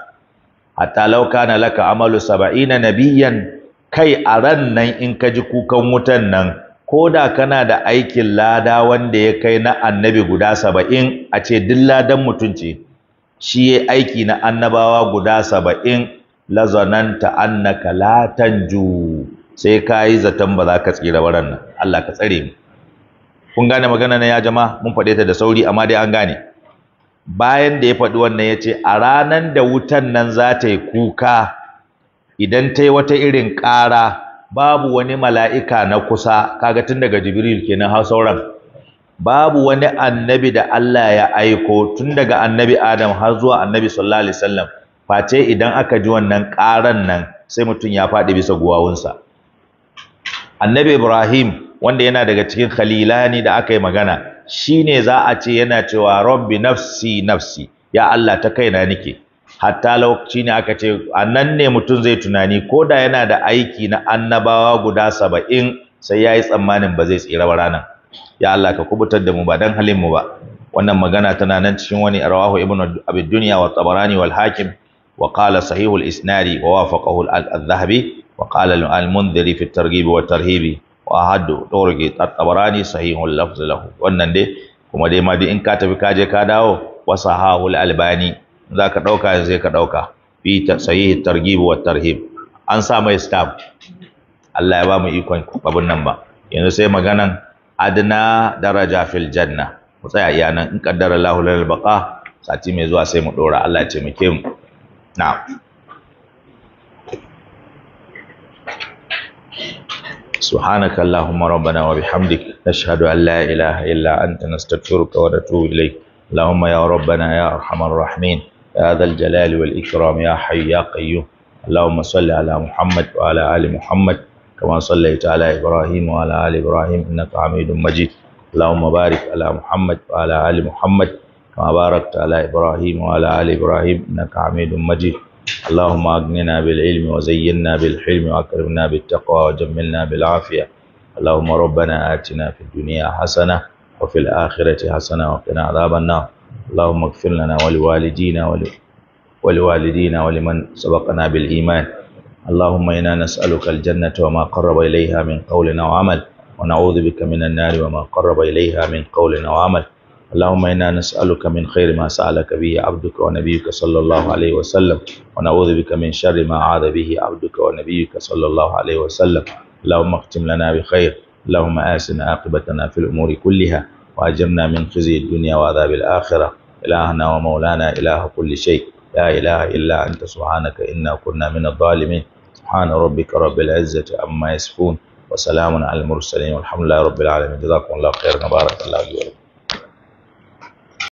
hatta law kana laka amalu saba'ina nabiyyan kai a ran nan in ka ji kukan wutan nan ko da kana da aikin lada wanda ya kai na annabi guda saba'in a ce duk ladan mutunci shi ya aiki na annabawa guda saba'in lazananta annaka kalatan sai ka yi zaton ba za ka tsira ba nan Allah ka tsare mu kun gane magana na ya jama mun faɗe ta da sauri amma dai an gane bayan da ya faɗi wannan ya ce a ranan da wutan nan za ta yi kuka idan ta yi wata irin ƙara babu wani mala'ika na kusa kaga tun daga jibril kenan har sauran babu wani annabi da Allah ya aiko tun daga annabi Adam har zuwa annabi sallallisallam face idan aka ji wannan ƙaran nan sai mutum ya faɗi bisa guwawunsa annabi Ibrahim wanda yana daga cikin khalila khalilani da aka yi magana shi ne za a ce yana cewa rabbi nafsi nafsi ya Allah ta kaina nike!" hatta lokaci ne aka ce a nan ne mutum zai tunani ko da yana da aiki na annabawa guda saba'in sai ya yi tsammanin ba zai tsira ba ranar ya Allah ka kubutar da mu ba dan halin mu ba wannan magana tana nan cikin wani rawahu ibn abid dunya wa tabarani wal hakim wa qala sahihul isnadi wa wafaqahu al-dhahabi wa qala al-mundhiri fi targhib wa tarhibi wa haddu tabarani sahihul lafz lahu wannan dai kuma dai ma dai in ka tafi ka je ka dawo wa sahahul albani za ka ɗauka sai ka ɗauka fi sahihi targhib wa tarhib an sa mai stamp Allah ya ba mu ikon abun nan ba yanzu sai maganan adna daraja fil janna mu tsaya iya nan in qaddara Allahu lana baqa sati mai zuwa sai mu dora Allah ya taimake mu na'am سبحانك اللهم ربنا وبحمدك نشهد أن لا إله إلا أنت نستغفرك ونتوب إليك اللهم يا ربنا يا أرحم الراحمين يا ذا الجلال والإكرام يا حي يا قيوم اللهم صل على محمد وعلى آل محمد كما صليت على إبراهيم وعلى آل إبراهيم إنك حميد مجيد اللهم بارك على محمد وعلى آل محمد كما باركت على إبراهيم وعلى آل إبراهيم إنك حميد مجيد اللهم أغننا بالعلم وزينا بالحلم وأكرمنا بالتقوى وجملنا بالعافية اللهم ربنا آتنا في الدنيا حسنة وفي الآخرة حسنة وقنا عذاب النار اللهم اغفر لنا ولوالدينا ولوالدينا ولمن سبقنا بالإيمان اللهم إنا نسألك الجنة وما قرب إليها من قول وعمل ونعوذ بك من النار وما قرب إليها من قول وعمل اللهم إنا نسألك من خير ما سألك به عبدك ونبيك صلى الله عليه وسلم ونعوذ بك من شر ما عاد به عبدك ونبيك صلى الله عليه وسلم اللهم اختم لنا بخير اللهم آسنا عاقبتنا في الأمور كلها وأجرنا من خزي الدنيا وعذاب الآخرة إلهنا ومولانا إله كل شيء لا إله إلا أنت سبحانك إنا كنا من الظالمين سبحان ربك رب العزة عما يصفون وسلام على المرسلين والحمد لله رب العالمين جزاكم الله خيرا بارك الله لي ولكم